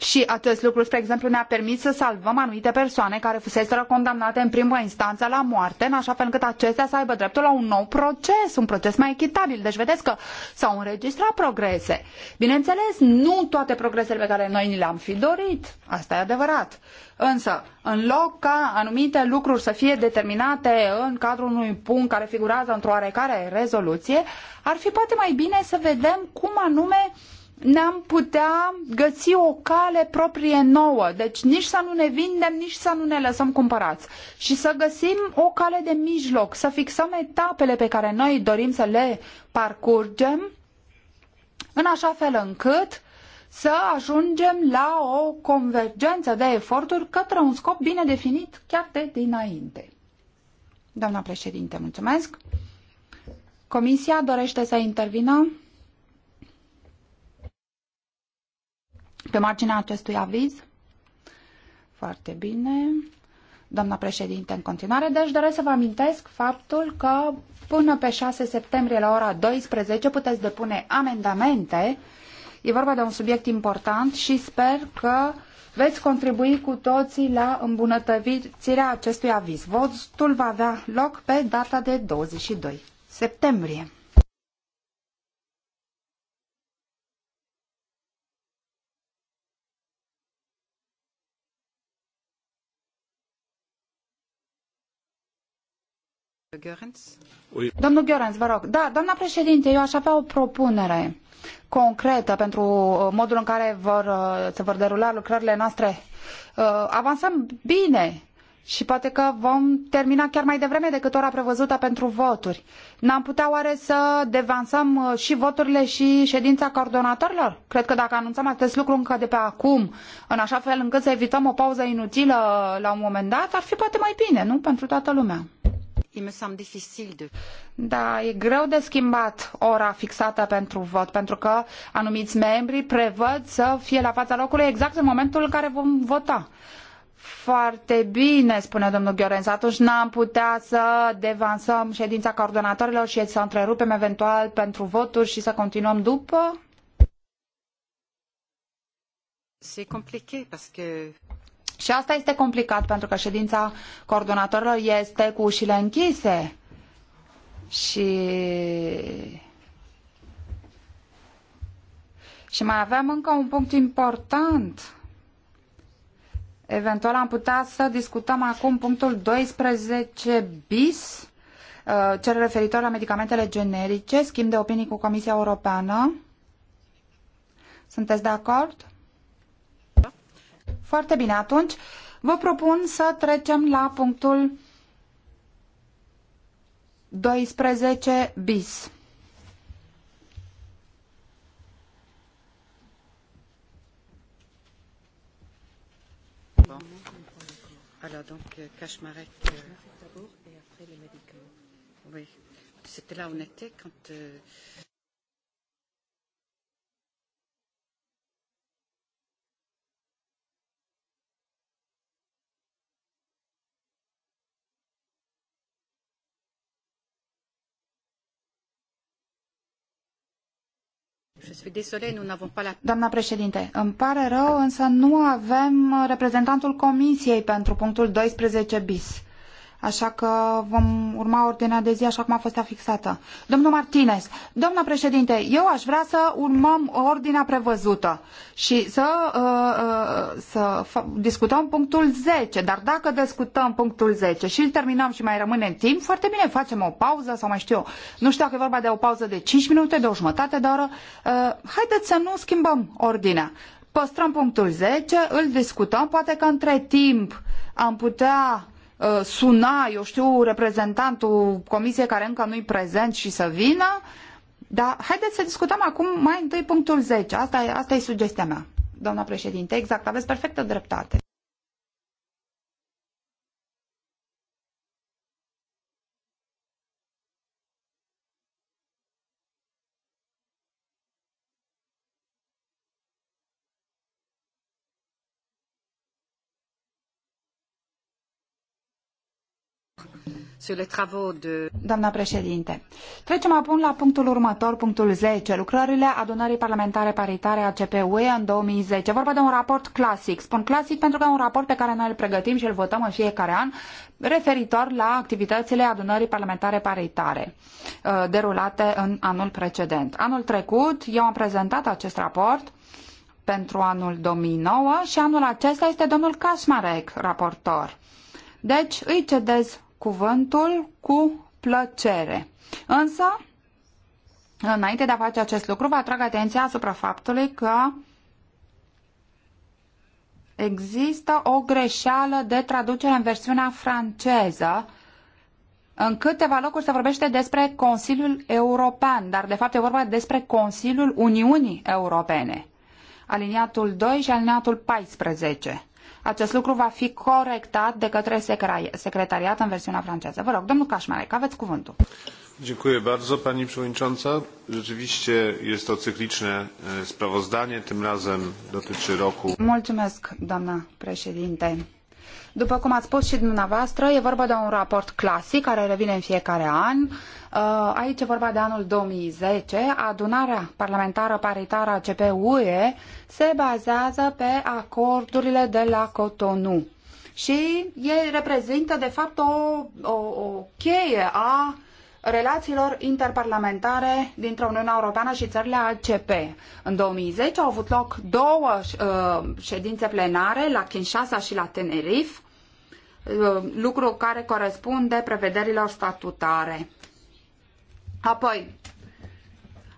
și acest lucru, spre exemplu, ne-a permis să salvăm anumite persoane care fuseseră condamnate în primă instanță la moarte, în așa fel încât acestea să aibă dreptul la un nou proces, un proces mai echitabil. Deci vedeți că s-au înregistrat progrese. Bineînțeles, nu toate progresele pe care noi ni le-am fi dorit. Asta e adevărat. Însă, în loc ca anumite lucruri să fie determinate în cadrul unui punct care figurează într-o oarecare rezoluție, ar fi poate mai bine să vedem cum anume ne-am putea găsi o cale proprie nouă. Deci nici să nu ne vindem, nici să nu ne lăsăm cumpărați. Și să găsim o cale de mijloc, să fixăm etapele pe care noi dorim să le parcurgem, în așa fel încât să ajungem la o convergență de eforturi către un scop bine definit chiar de dinainte. Doamna președinte, mulțumesc. Comisia dorește să intervină? pe marginea acestui aviz? Foarte bine. Doamna președinte, în continuare, deci doresc să vă amintesc faptul că până pe 6 septembrie la ora 12 puteți depune amendamente. E vorba de un subiect important și sper că veți contribui cu toții la îmbunătățirea acestui aviz. Votul va avea loc pe data de 22 septembrie. Domnul Görens, vă rog. Da, doamna președinte, eu aș avea o propunere concretă pentru uh, modul în care vor, uh, se vor derula lucrările noastre. Uh, avansăm bine și poate că vom termina chiar mai devreme decât ora prevăzută pentru voturi. N-am putea oare să devansăm și voturile și ședința coordonatorilor? Cred că dacă anunțăm acest lucru încă de pe acum, în așa fel încât să evităm o pauză inutilă la un moment dat, ar fi poate mai bine, nu? Pentru toată lumea. Da, e greu de schimbat ora fixată pentru vot, pentru că anumiți membri prevăd să fie la fața locului exact în momentul în care vom vota. Foarte bine, spune domnul Gheorenț, atunci n-am putea să devansăm ședința coordonatorilor și să întrerupem eventual pentru voturi și să continuăm după? Și asta este complicat pentru că ședința coordonatorilor este cu ușile închise. Și... Și mai aveam încă un punct important. Eventual am putea să discutăm acum punctul 12 bis, uh, cel referitor la medicamentele generice, schimb de opinii cu Comisia Europeană. Sunteți de acord? Foarte bine, atunci vă propun să trecem la punctul 12 bis. Alors donc euh, euh, d'abord et après les médicaments. Oui, c'était là où on était quand. Euh, Doamna președinte, îmi pare rău, însă nu avem reprezentantul Comisiei pentru punctul 12 bis. Așa că vom urma ordinea de zi așa cum a fost afixată. Domnul Martinez, domnul președinte, eu aș vrea să urmăm ordinea prevăzută și să, uh, uh să discutăm punctul 10. Dar dacă discutăm punctul 10 și îl terminăm și mai rămâne în timp, foarte bine, facem o pauză sau mai știu Nu știu dacă e vorba de o pauză de 5 minute, de o jumătate de oră. Uh, haideți să nu schimbăm ordinea păstrăm punctul 10, îl discutăm, poate că între timp am putea Uh, suna, eu știu, reprezentantul comisiei care încă nu-i prezent și să vină, dar haideți să discutăm acum mai întâi punctul 10. Asta e, asta e sugestia mea, doamna președinte. Exact, aveți perfectă dreptate. Doamna președinte, trecem acum la punctul următor, punctul 10, lucrările adunării parlamentare paritare a CPUE în 2010. Vorba de un raport clasic. Spun clasic pentru că e un raport pe care noi îl pregătim și îl votăm în fiecare an referitor la activitățile adunării parlamentare paritare uh, derulate în anul precedent. Anul trecut eu am prezentat acest raport pentru anul 2009 și anul acesta este domnul Kaczmarek, raportor. Deci îi cedez cuvântul cu plăcere. Însă, înainte de a face acest lucru, vă atrag atenția asupra faptului că există o greșeală de traducere în versiunea franceză. În câteva locuri se vorbește despre Consiliul European, dar de fapt e vorba despre Consiliul Uniunii Europene. Aliniatul 2 și aliniatul 14. Acest lucru va fi corectat de către secretariat în versiunea franceză. Vă rog, domnul Kaczmarek, aveți cuvântul. Dziękuję bardzo Pani Przewodnicząca. Rzeczywiście jest to cykliczne sprawozdanie, tym razem dotyczy roku. Mulțumesc, doamna președinte. După cum ați spus și dumneavoastră, e vorba de un raport clasic care revine în fiecare an. Uh, aici e vorba de anul 2010. Adunarea parlamentară paritară a CPUE se bazează pe acordurile de la Cotonou. Și ei reprezintă, de fapt, o, o, o cheie a relațiilor interparlamentare dintre Uniunea Europeană și țările ACP. În 2010 au avut loc două uh, ședințe plenare la Kinshasa și la Tenerife, uh, lucru care corespunde prevederilor statutare. Apoi,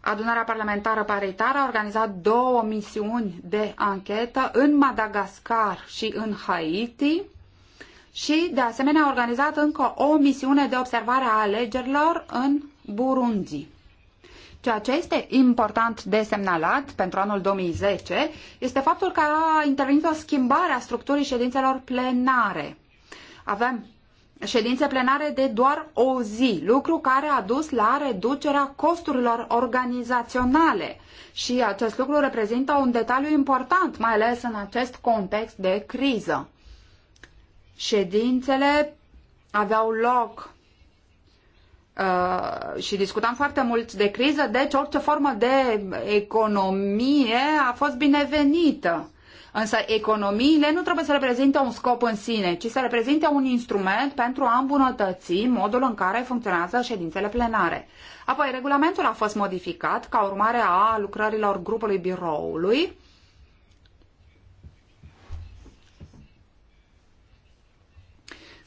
Adunarea parlamentară paritară a organizat două misiuni de anchetă în Madagascar și în Haiti, și, de asemenea, a organizat încă o misiune de observare a alegerilor în Burundi. Ceea ce este important de semnalat pentru anul 2010 este faptul că a intervenit o schimbare a structurii ședințelor plenare. Avem ședințe plenare de doar o zi, lucru care a dus la reducerea costurilor organizaționale. Și acest lucru reprezintă un detaliu important, mai ales în acest context de criză. Ședințele aveau loc Uh, și discutam foarte mult de criză, deci orice formă de economie a fost binevenită. Însă economiile nu trebuie să reprezinte un scop în sine, ci să reprezinte un instrument pentru a îmbunătăți modul în care funcționează ședințele plenare. Apoi, regulamentul a fost modificat ca urmare a lucrărilor grupului biroului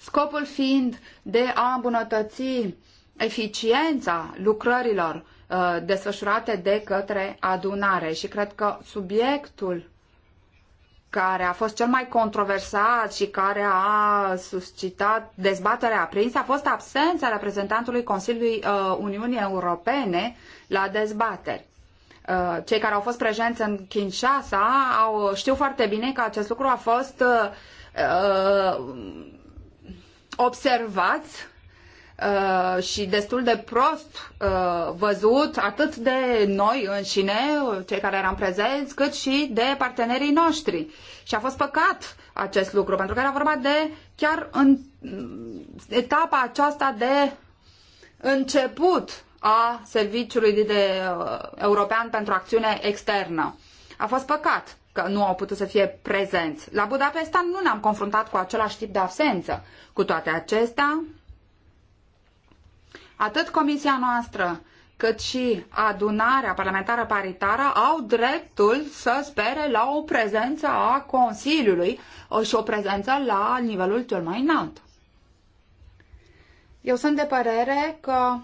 scopul fiind de a îmbunătăți eficiența lucrărilor uh, desfășurate de către adunare și cred că subiectul care a fost cel mai controversat și care a suscitat dezbaterea aprinsă a fost absența reprezentantului Consiliului uh, Uniunii Europene la dezbateri uh, cei care au fost prezenți în Kinshasa au, știu foarte bine că acest lucru a fost uh, observați uh, și destul de prost uh, văzut atât de noi înșine, cei care eram prezenți, cât și de partenerii noștri. Și a fost păcat acest lucru, pentru că era vorba de chiar în mm, etapa aceasta de început a Serviciului de, de uh, European pentru Acțiune Externă. A fost păcat că nu au putut să fie prezenți. La Budapesta nu ne-am confruntat cu același tip de absență. Cu toate acestea, atât comisia noastră cât și adunarea parlamentară paritară au dreptul să spere la o prezență a Consiliului și o prezență la nivelul cel mai înalt. Eu sunt de părere că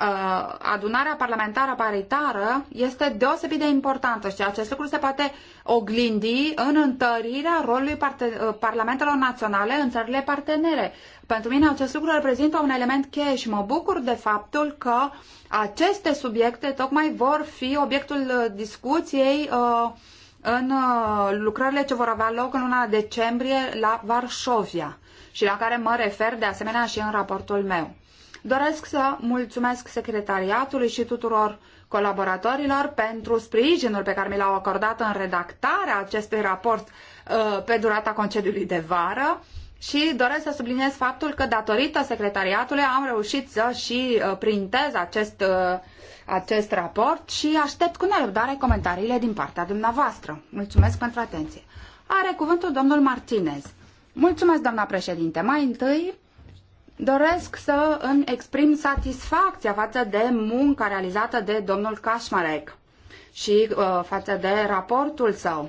Uh, adunarea parlamentară paritară este deosebit de importantă și acest lucru se poate oglindi în întărirea rolului uh, parlamentelor naționale în țările partenere. Pentru mine acest lucru reprezintă un element cheie și mă bucur de faptul că aceste subiecte tocmai vor fi obiectul uh, discuției în lucrările ce vor avea loc în luna decembrie la Varșovia și la care mă refer de asemenea și în raportul meu. Doresc să mulțumesc secretariatului și tuturor colaboratorilor pentru sprijinul pe care mi l-au acordat în redactarea acestui raport uh, pe durata concediului de vară și doresc să subliniez faptul că datorită secretariatului am reușit să și uh, printez acest, uh, acest raport și aștept cu nerăbdare comentariile din partea dumneavoastră. Mulțumesc pentru atenție. Are cuvântul domnul Martinez. Mulțumesc, doamna președinte. Mai întâi doresc să îmi exprim satisfacția față de munca realizată de domnul Kașmarek și uh, față de raportul său.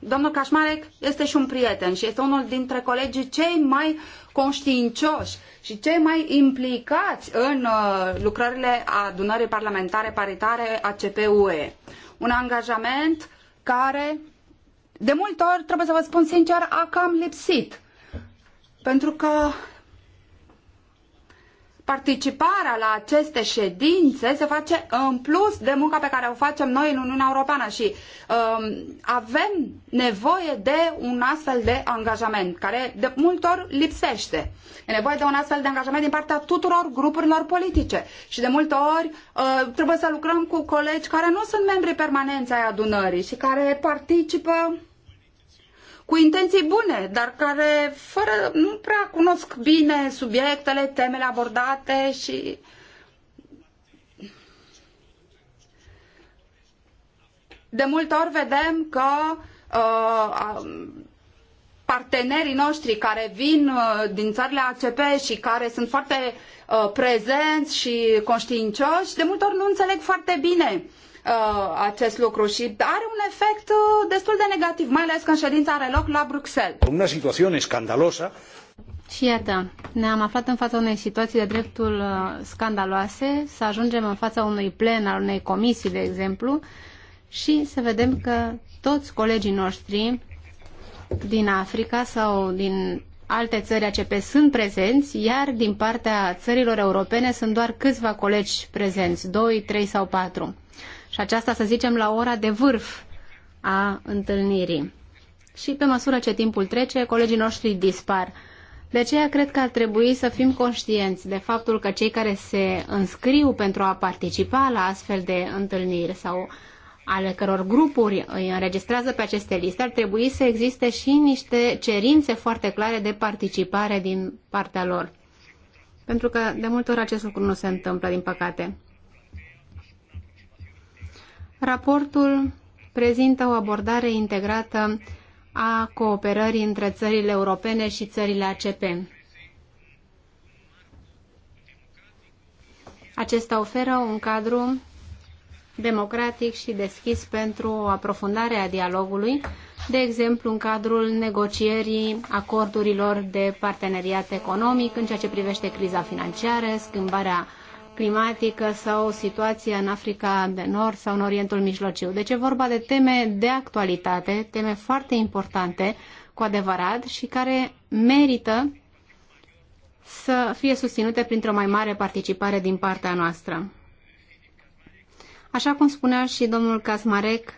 Domnul Cașmarec este și un prieten și este unul dintre colegii cei mai conștiincioși și cei mai implicați în uh, lucrările adunării parlamentare paritare a CPUE. Un angajament care, de multe ori, trebuie să vă spun sincer, a cam lipsit pentru că participarea la aceste ședințe se face în plus de munca pe care o facem noi în Uniunea Europeană și um, avem nevoie de un astfel de angajament, care de multe ori lipsește. E nevoie de un astfel de angajament din partea tuturor grupurilor politice și de multe ori uh, trebuie să lucrăm cu colegi care nu sunt membri permanenți ai adunării și care participă cu intenții bune, dar care fără, nu prea cunosc bine subiectele, temele abordate și de multe ori vedem că uh, partenerii noștri care vin uh, din țările ACP și care sunt foarte uh, prezenți și conștiincioși, de multe ori nu înțeleg foarte bine uh, uh, acest lucru și are un efect uh, destul de negativ, mai ales când ședința are loc la Bruxelles. Una situație scandalosă. Și iată, ne-am aflat în fața unei situații de dreptul uh, scandaloase, să ajungem în fața unui plen al unei comisii, de exemplu, și să vedem că toți colegii noștri din Africa sau din alte țări ACP sunt prezenți, iar din partea țărilor europene sunt doar câțiva colegi prezenți, doi, trei sau patru. Și aceasta, să zicem, la ora de vârf a întâlnirii. Și pe măsură ce timpul trece, colegii noștri dispar. De aceea cred că ar trebui să fim conștienți de faptul că cei care se înscriu pentru a participa la astfel de întâlniri sau ale căror grupuri îi înregistrează pe aceste liste, ar trebui să existe și niște cerințe foarte clare de participare din partea lor. Pentru că de multe ori acest lucru nu se întâmplă, din păcate. Raportul prezintă o abordare integrată a cooperării între țările europene și țările ACP. Acesta oferă un cadru democratic și deschis pentru o aprofundare a dialogului, de exemplu în cadrul negocierii acordurilor de parteneriat economic în ceea ce privește criza financiară, schimbarea climatică sau situația în Africa de Nord sau în Orientul Mijlociu. Deci e vorba de teme de actualitate, teme foarte importante cu adevărat și care merită să fie susținute printr-o mai mare participare din partea noastră. Așa cum spunea și domnul Casmarec,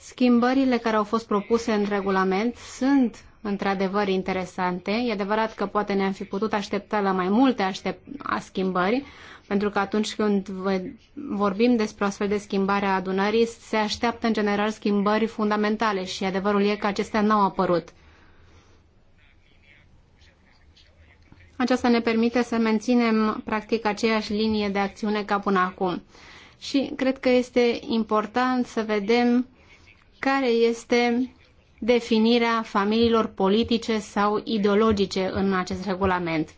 schimbările care au fost propuse în regulament sunt într-adevăr interesante. E adevărat că poate ne-am fi putut aștepta la mai multe aștept, a schimbări, pentru că atunci când vorbim despre o astfel de schimbare a adunării, se așteaptă în general schimbări fundamentale și adevărul e că acestea n-au apărut. Aceasta ne permite să menținem practic aceeași linie de acțiune ca până acum. Și cred că este important să vedem care este definirea familiilor politice sau ideologice în acest regulament.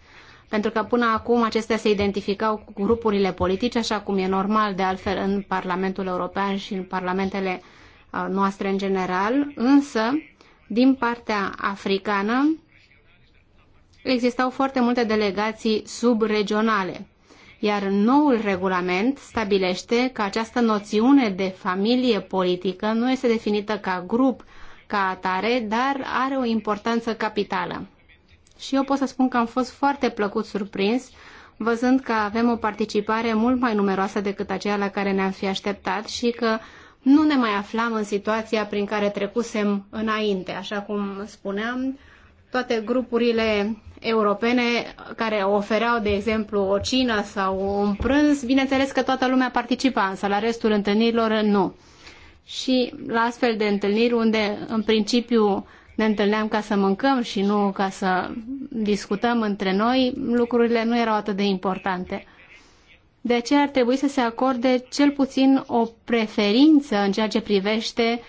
Pentru că până acum acestea se identificau cu grupurile politice, așa cum e normal de altfel în Parlamentul European și în parlamentele uh, noastre în general, însă din partea africană existau foarte multe delegații subregionale iar noul regulament stabilește că această noțiune de familie politică nu este definită ca grup ca atare, dar are o importanță capitală. Și eu pot să spun că am fost foarte plăcut surprins văzând că avem o participare mult mai numeroasă decât aceea la care ne-am fi așteptat și că nu ne mai aflam în situația prin care trecusem înainte. Așa cum spuneam, toate grupurile europene care ofereau, de exemplu, o cină sau un prânz, bineînțeles că toată lumea participa, însă la restul întâlnirilor nu și la astfel de întâlniri unde în principiu ne întâlneam ca să mâncăm și nu ca să discutăm între noi, lucrurile nu erau atât de importante. De aceea ar trebui să se acorde cel puțin o preferință în ceea ce privește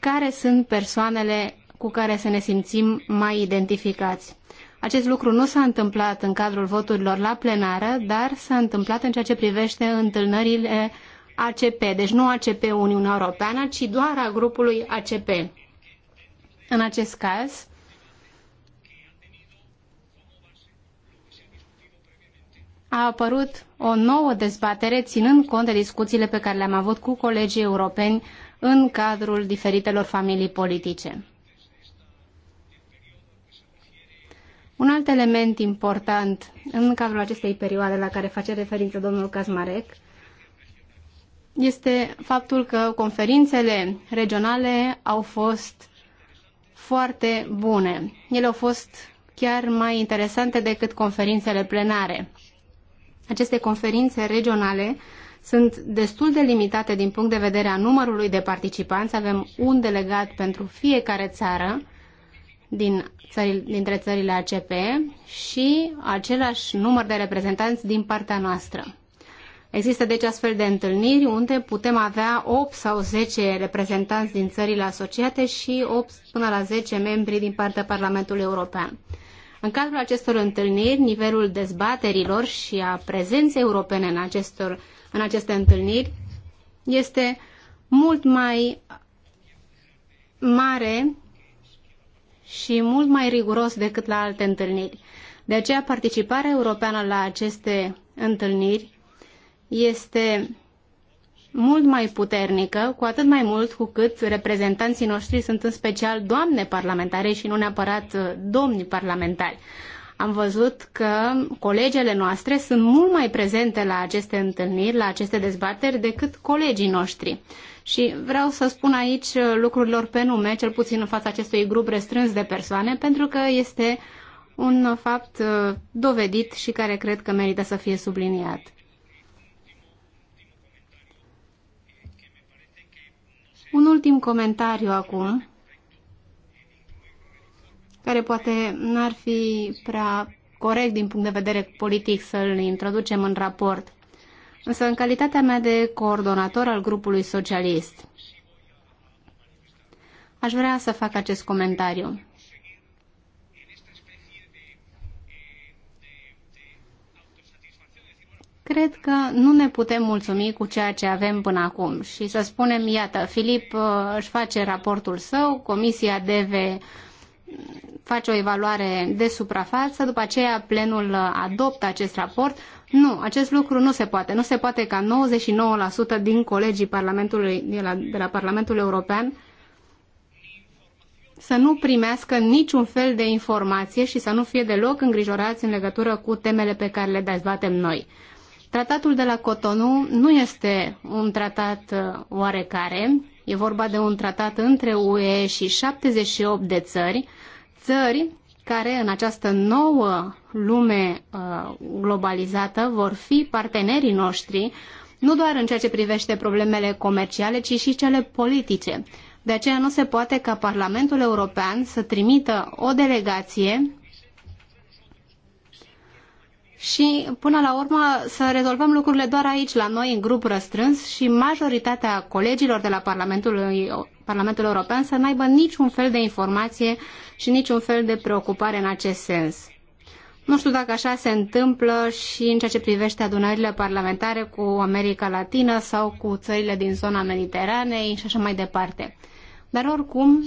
care sunt persoanele cu care să ne simțim mai identificați. Acest lucru nu s-a întâmplat în cadrul voturilor la plenară, dar s-a întâmplat în ceea ce privește întâlnările ACP, deci nu ACP Uniunea Europeană, ci doar a grupului ACP. În acest caz, a apărut o nouă dezbatere ținând cont de discuțiile pe care le-am avut cu colegii europeni în cadrul diferitelor familii politice. Un alt element important în cadrul acestei perioade la care face referință domnul Casmarec este faptul că conferințele regionale au fost foarte bune. Ele au fost chiar mai interesante decât conferințele plenare. Aceste conferințe regionale sunt destul de limitate din punct de vedere a numărului de participanți. Avem un delegat pentru fiecare țară din țări, dintre țările ACP și același număr de reprezentanți din partea noastră. Există deci astfel de întâlniri unde putem avea 8 sau 10 reprezentanți din țările asociate și 8 până la 10 membri din partea Parlamentului European. În cadrul acestor întâlniri, nivelul dezbaterilor și a prezenței europene în, acestor, în aceste întâlniri este mult mai mare și mult mai riguros decât la alte întâlniri. De aceea, participarea europeană la aceste întâlniri este mult mai puternică, cu atât mai mult cu cât reprezentanții noștri sunt în special doamne parlamentare și nu neapărat uh, domni parlamentari. Am văzut că colegele noastre sunt mult mai prezente la aceste întâlniri, la aceste dezbateri, decât colegii noștri. Și vreau să spun aici uh, lucrurilor pe nume, cel puțin în fața acestui grup restrâns de persoane, pentru că este un fapt uh, dovedit și care cred că merită să fie subliniat. Un ultim comentariu acum, care poate n-ar fi prea corect din punct de vedere politic să-l introducem în raport. Însă, în calitatea mea de coordonator al grupului socialist, aș vrea să fac acest comentariu. Cred că nu ne putem mulțumi cu ceea ce avem până acum și să spunem, iată, Filip uh, își face raportul său, Comisia deve mm, face o evaluare de suprafață, după aceea plenul uh, adoptă acest raport. Nu, acest lucru nu se poate. Nu se poate ca 99% din colegii Parlamentului, de, la, de la Parlamentul European să nu primească niciun fel de informație și să nu fie deloc îngrijorați în legătură cu temele pe care le dezbatem noi. Tratatul de la Cotonou nu este un tratat uh, oarecare, e vorba de un tratat între UE și 78 de țări, țări care în această nouă lume uh, globalizată vor fi partenerii noștri, nu doar în ceea ce privește problemele comerciale, ci și cele politice. De aceea nu se poate ca Parlamentul European să trimită o delegație și până la urmă să rezolvăm lucrurile doar aici, la noi, în grup răstrâns și majoritatea colegilor de la Parlamentul, Parlamentul European să n-aibă niciun fel de informație și niciun fel de preocupare în acest sens. Nu știu dacă așa se întâmplă și în ceea ce privește adunările parlamentare cu America Latină sau cu țările din zona Mediteranei și așa mai departe. Dar oricum,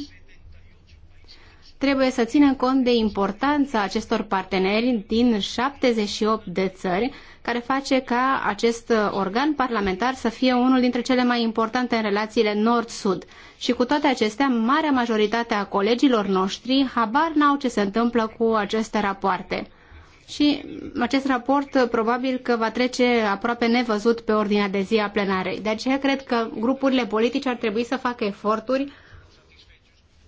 trebuie să ținem cont de importanța acestor parteneri din 78 de țări, care face ca acest organ parlamentar să fie unul dintre cele mai importante în relațiile nord-sud. Și cu toate acestea, marea majoritate a colegilor noștri habar n-au ce se întâmplă cu aceste rapoarte. Și acest raport probabil că va trece aproape nevăzut pe ordinea de zi a plenarei. De aceea cred că grupurile politice ar trebui să facă eforturi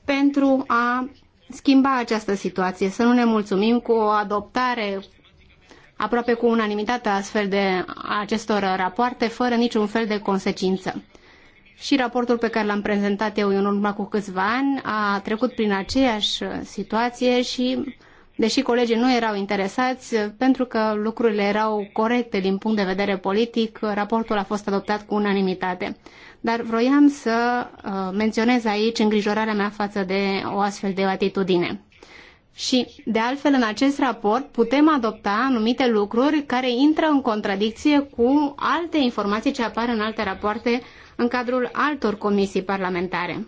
pentru a schimba această situație, să nu ne mulțumim cu o adoptare aproape cu unanimitate astfel de acestor rapoarte, fără niciun fel de consecință. Și raportul pe care l-am prezentat eu în urmă cu câțiva ani a trecut prin aceeași situație și, deși colegii nu erau interesați, pentru că lucrurile erau corecte din punct de vedere politic, raportul a fost adoptat cu unanimitate dar vroiam să uh, menționez aici îngrijorarea mea față de o astfel de atitudine. Și, de altfel, în acest raport putem adopta anumite lucruri care intră în contradicție cu alte informații ce apar în alte rapoarte în cadrul altor comisii parlamentare.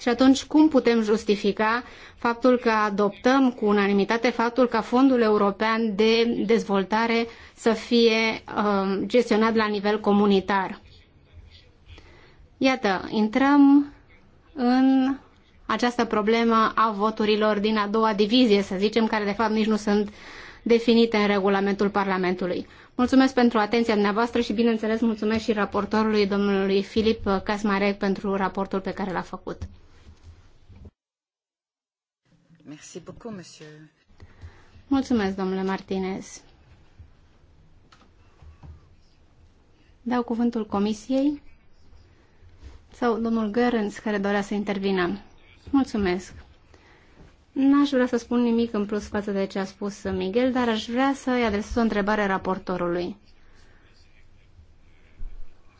Și atunci, cum putem justifica faptul că adoptăm cu unanimitate faptul ca Fondul European de Dezvoltare să fie uh, gestionat la nivel comunitar? Iată, intrăm în această problemă a voturilor din a doua divizie, să zicem, care de fapt nici nu sunt definite în regulamentul Parlamentului. Mulțumesc pentru atenția dumneavoastră și, bineînțeles, mulțumesc și raportorului, domnului Filip Casmarec, pentru raportul pe care l-a făcut. Mulțumesc, domnule Martinez. Dau cuvântul Comisiei sau domnul Gărânț, care dorea să intervină. Mulțumesc. N-aș vrea să spun nimic în plus față de ce a spus Miguel, dar aș vrea să-i adresez o întrebare raportorului.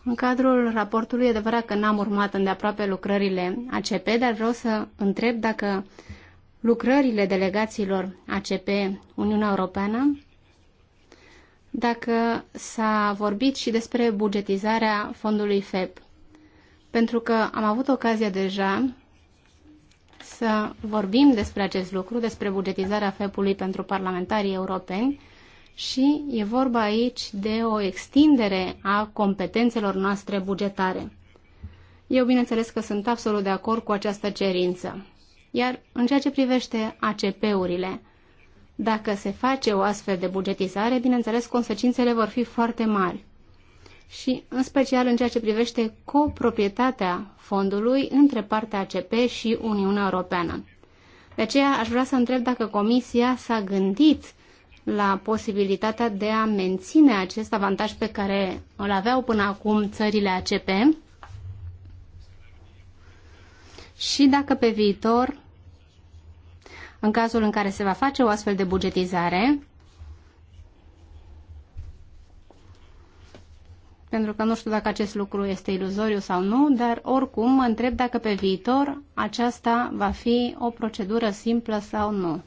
În cadrul raportului, e adevărat că n-am urmat îndeaproape lucrările ACP, dar vreau să întreb dacă lucrările delegațiilor ACP Uniunea Europeană, dacă s-a vorbit și despre bugetizarea fondului FEP pentru că am avut ocazia deja să vorbim despre acest lucru, despre bugetizarea FEP-ului pentru parlamentarii europeni și e vorba aici de o extindere a competențelor noastre bugetare. Eu bineînțeles că sunt absolut de acord cu această cerință. Iar în ceea ce privește ACP-urile, dacă se face o astfel de bugetizare, bineînțeles consecințele vor fi foarte mari și în special în ceea ce privește coproprietatea fondului între partea ACP și Uniunea Europeană. De aceea aș vrea să întreb dacă Comisia s-a gândit la posibilitatea de a menține acest avantaj pe care îl aveau până acum țările ACP și dacă pe viitor, în cazul în care se va face o astfel de bugetizare, pentru că nu știu dacă acest lucru este iluzoriu sau nu, dar oricum mă întreb dacă pe viitor aceasta va fi o procedură simplă sau nu.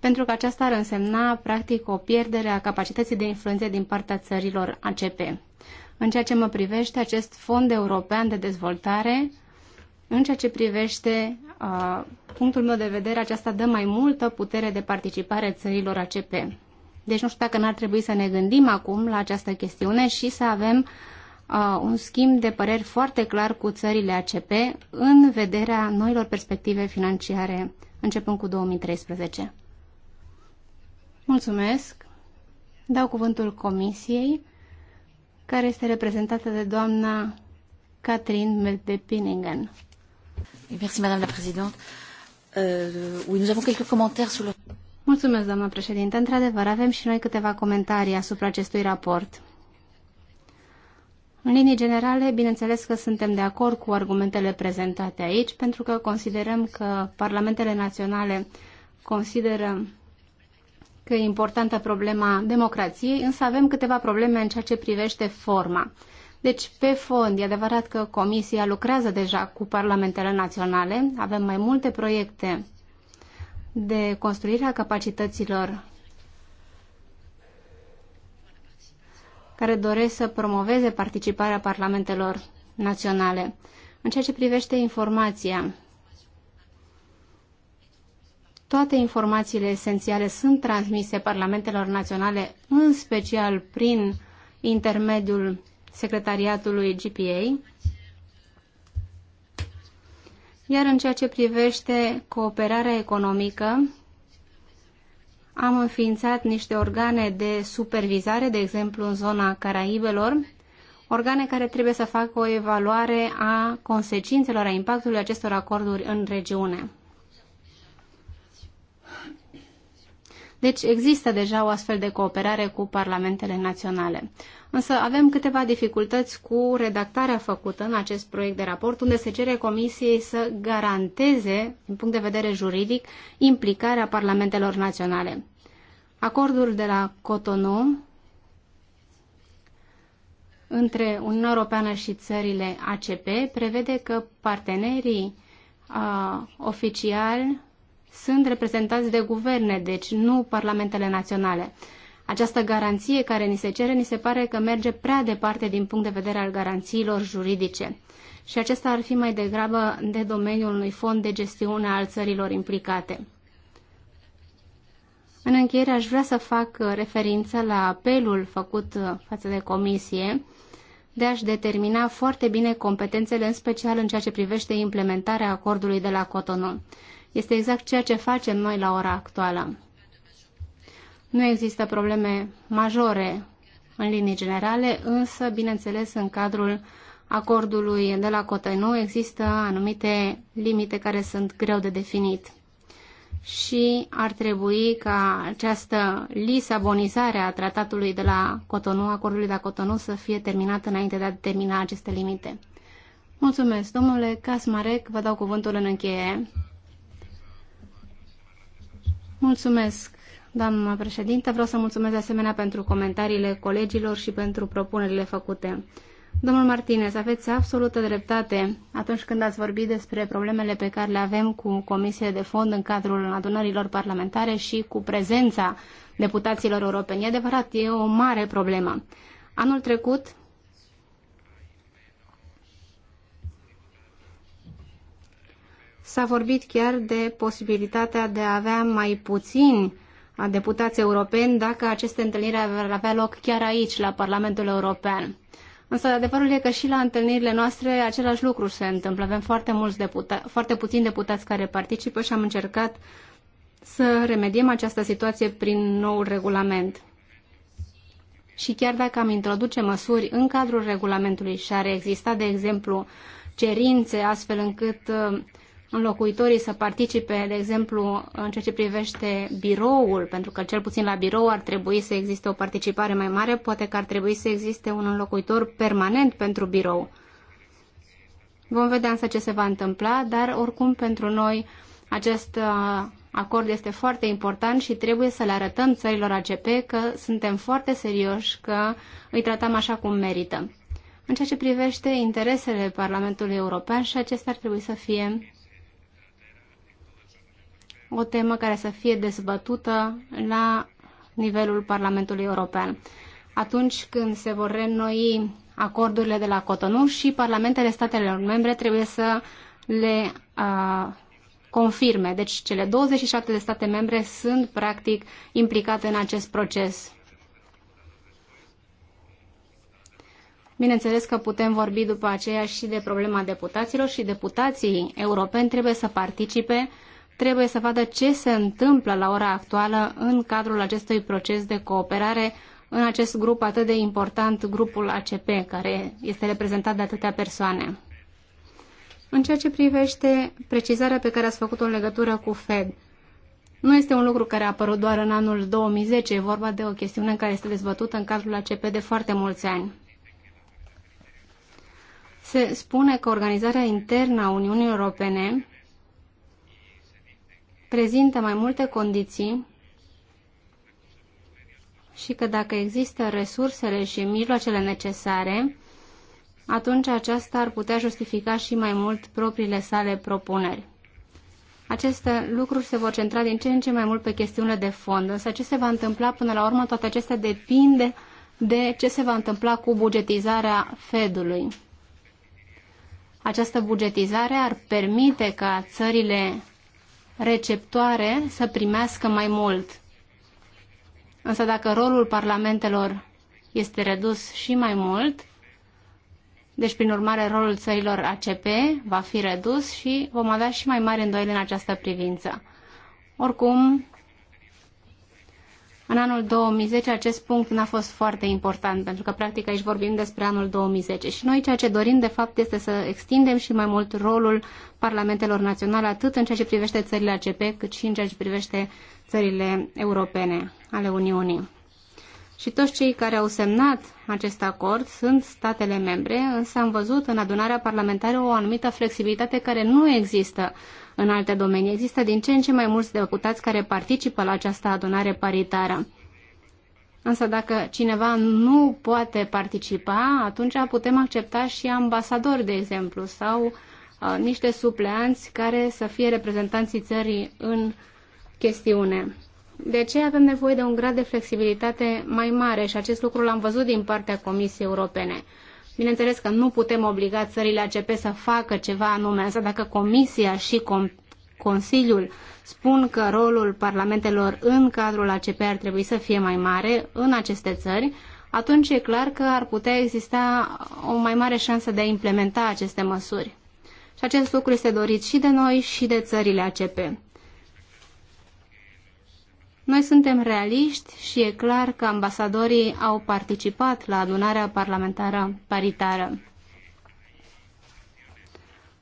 Pentru că aceasta ar însemna, practic, o pierdere a capacității de influență din partea țărilor ACP. În ceea ce mă privește, acest fond european de dezvoltare, în ceea ce privește uh, punctul meu de vedere, aceasta dă mai multă putere de participare țărilor ACP. Deci nu știu dacă n-ar trebui să ne gândim acum la această chestiune și să avem uh, un schimb de păreri foarte clar cu țările ACP în vederea noilor perspective financiare începând cu 2013. Mulțumesc. Dau cuvântul Comisiei, care este reprezentată de doamna Catherine Melde-Piningen. Merci, Madame la Présidente. Euh, oui, nous avons quelques commentaires sur le... Mulțumesc, doamnă președinte. Într-adevăr, avem și noi câteva comentarii asupra acestui raport. În linii generale, bineînțeles că suntem de acord cu argumentele prezentate aici, pentru că considerăm că parlamentele naționale consideră că e importantă problema democrației, însă avem câteva probleme în ceea ce privește forma. Deci, pe fond, e adevărat că Comisia lucrează deja cu parlamentele naționale, avem mai multe proiecte de construirea capacităților care doresc să promoveze participarea parlamentelor naționale. În ceea ce privește informația, toate informațiile esențiale sunt transmise parlamentelor naționale, în special prin intermediul secretariatului GPA iar în ceea ce privește cooperarea economică, am înființat niște organe de supervizare, de exemplu în zona Caraibelor, organe care trebuie să facă o evaluare a consecințelor, a impactului acestor acorduri în regiune. Deci există deja o astfel de cooperare cu parlamentele naționale. Însă avem câteva dificultăți cu redactarea făcută în acest proiect de raport, unde se cere Comisiei să garanteze, din punct de vedere juridic, implicarea parlamentelor naționale. Acordul de la Cotonou între Uniunea Europeană și țările ACP prevede că partenerii uh, oficiali sunt reprezentați de guverne, deci nu parlamentele naționale. Această garanție care ni se cere, ni se pare că merge prea departe din punct de vedere al garanțiilor juridice. Și acesta ar fi mai degrabă de domeniul unui fond de gestiune al țărilor implicate. În încheiere aș vrea să fac referință la apelul făcut față de comisie de a-și determina foarte bine competențele, în special în ceea ce privește implementarea acordului de la Cotonou. Este exact ceea ce facem noi la ora actuală. Nu există probleme majore în linii generale, însă, bineînțeles, în cadrul acordului de la Cotonou există anumite limite care sunt greu de definit. Și ar trebui ca această lisabonizare a tratatului de la Cotonou, acordului de la Cotonou, să fie terminată înainte de a determina aceste limite. Mulțumesc, domnule Casmarec, vă dau cuvântul în încheiere. Mulțumesc, doamna președinte. Vreau să mulțumesc de asemenea pentru comentariile colegilor și pentru propunerile făcute. Domnul Martinez, aveți absolută dreptate atunci când ați vorbit despre problemele pe care le avem cu Comisia de fond în cadrul adunărilor parlamentare și cu prezența deputaților europeni. E adevărat, e o mare problemă. Anul trecut, S-a vorbit chiar de posibilitatea de a avea mai puțini deputați europeni dacă aceste întâlniri ar avea loc chiar aici, la Parlamentul European. Însă adevărul e că și la întâlnirile noastre același lucru se întâmplă. Avem foarte, mulți deputa- foarte puțini deputați care participă și am încercat să remediem această situație prin noul regulament. Și chiar dacă am introduce măsuri în cadrul regulamentului și ar exista, de exemplu, cerințe astfel încât uh, locuitorii să participe, de exemplu, în ceea ce privește biroul, pentru că cel puțin la birou ar trebui să existe o participare mai mare, poate că ar trebui să existe un locuitor permanent pentru birou. Vom vedea însă ce se va întâmpla, dar oricum pentru noi acest uh, acord este foarte important și trebuie să le arătăm țărilor ACP că suntem foarte serioși, că îi tratăm așa cum merită. În ceea ce privește interesele Parlamentului European și acestea ar trebui să fie o temă care să fie dezbătută la nivelul Parlamentului European. Atunci când se vor reînnoi acordurile de la Cotonou și parlamentele statelor membre trebuie să le uh, confirme. Deci cele 27 de state membre sunt practic implicate în acest proces. Bineînțeles că putem vorbi după aceea și de problema deputaților și deputații europeni trebuie să participe uh, trebuie să vadă ce se întâmplă la ora actuală în cadrul acestui proces de cooperare în acest grup atât de important, grupul ACP, care este reprezentat de atâtea persoane. În ceea ce privește precizarea pe care ați făcut-o în legătură cu Fed, nu este un lucru care a apărut doar în anul 2010, e vorba de o chestiune care este dezbătută în cadrul ACP de foarte mulți ani. Se spune că organizarea internă a Uniunii Europene prezintă mai multe condiții și că dacă există resursele și mijloacele necesare, atunci aceasta ar putea justifica și mai mult propriile sale propuneri. Aceste lucruri se vor centra din ce în ce mai mult pe chestiunile de fond, însă ce se va întâmpla până la urmă, toate acestea depinde de ce se va întâmpla cu bugetizarea Fedului. Această bugetizare ar permite ca țările receptoare să primească mai mult. Însă dacă rolul parlamentelor este redus și mai mult, deci prin urmare rolul țărilor ACP va fi redus și vom avea și mai mari îndoieli în această privință. Oricum, în anul 2010 acest punct n-a fost foarte important, pentru că practic aici vorbim despre anul 2010 și noi ceea ce dorim de fapt este să extindem și mai mult rolul parlamentelor naționale, atât în ceea ce privește țările ACP, cât și în ceea ce privește țările europene ale Uniunii. Și toți cei care au semnat acest acord sunt statele membre, însă am văzut în adunarea parlamentară o anumită flexibilitate care nu există în alte domenii. Există din ce în ce mai mulți deputați care participă la această adunare paritară. Însă dacă cineva nu poate participa, atunci putem accepta și ambasadori, de exemplu, sau niște supleanți care să fie reprezentanții țării în chestiune. De ce avem nevoie de un grad de flexibilitate mai mare și acest lucru l-am văzut din partea Comisiei Europene. Bineînțeles că nu putem obliga țările ACP să facă ceva anume, însă dacă Comisia și Consiliul spun că rolul parlamentelor în cadrul ACP ar trebui să fie mai mare în aceste țări, atunci e clar că ar putea exista o mai mare șansă de a implementa aceste măsuri. Și acest lucru este dorit și de noi și de țările ACP. Noi suntem realiști și e clar că ambasadorii au participat la adunarea parlamentară paritară.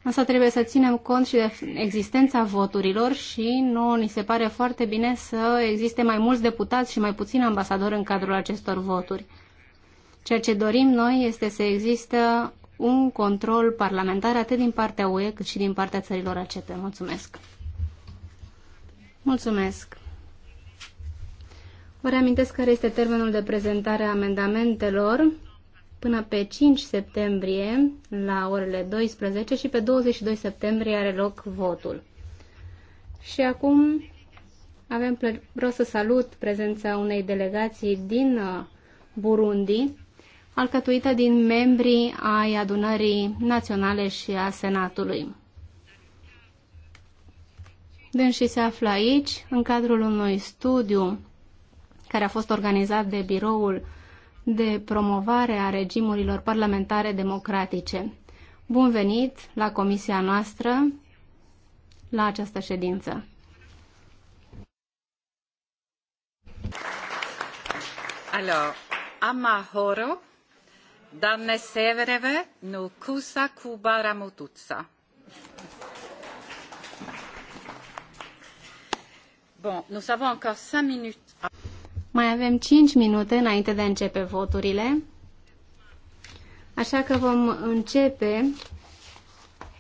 Însă trebuie să ținem cont și de existența voturilor și nu ni se pare foarte bine să existe mai mulți deputați și mai puțini ambasadori în cadrul acestor voturi. Ceea ce dorim noi este să există un control parlamentar atât din partea UE cât și din partea țărilor ACP. Mulțumesc! Mulțumesc! Vă reamintesc care este termenul de prezentare a amendamentelor până pe 5 septembrie la orele 12 și pe 22 septembrie are loc votul. Și acum avem, vreau să salut prezența unei delegații din uh, Burundi alcătuită din membrii ai adunării naționale și a Senatului. Dânsii se află aici, în cadrul unui studiu care a fost organizat de Biroul de Promovare a Regimurilor Parlamentare Democratice. Bun venit la comisia noastră, la această ședință. Alors, Amahoro Severeve, nu nous avons encore 5 minutes. Mai avem 5 minute înainte de a începe voturile. Așa că vom începe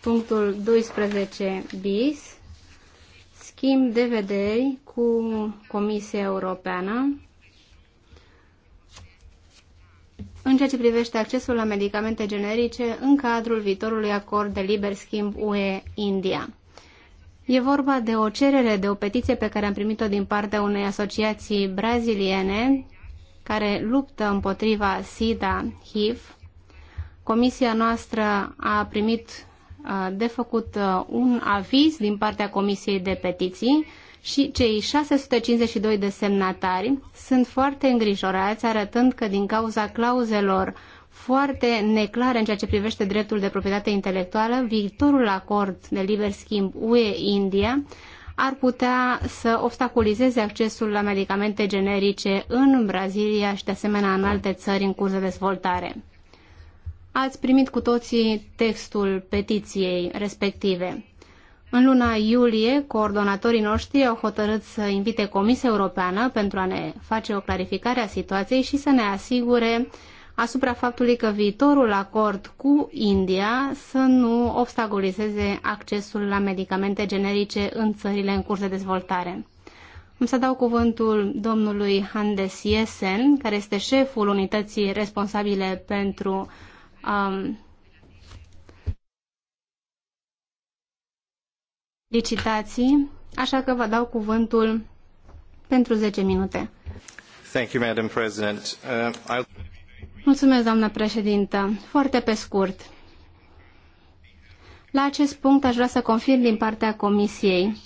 punctul 12 bis, schimb de vederi cu Comisia Europeană în ceea ce privește accesul la medicamente generice în cadrul viitorului acord de liber schimb UE-India. E vorba de o cerere, de o petiție pe care am primit-o din partea unei asociații braziliene care luptă împotriva SIDA-HIV. Comisia noastră a primit uh, de făcut uh, un aviz din partea Comisiei de Petiții și cei 652 de semnatari sunt foarte îngrijorați, arătând că din cauza clauzelor foarte neclare în ceea ce privește dreptul de proprietate intelectuală, viitorul acord de liber schimb UE-India ar putea să obstaculizeze accesul la medicamente generice în Brazilia și de asemenea în alte țări în curs de dezvoltare. Ați primit cu toții textul petiției respective. În luna iulie, coordonatorii noștri au hotărât să invite Comisia Europeană pentru a ne face o clarificare a situației și să ne asigure asupra faptului că viitorul acord cu India să nu obstacolizeze accesul la medicamente generice în țările în curs de dezvoltare. Îmi să dau cuvântul domnului Handes Yesen, care este șeful unității responsabile pentru um, licitații, așa că vă dau cuvântul pentru 10 minute. Thank you, Madam President. Uh, Mulțumesc, doamnă președintă. Foarte pe scurt. La acest punct aș vrea să confirm din partea Comisiei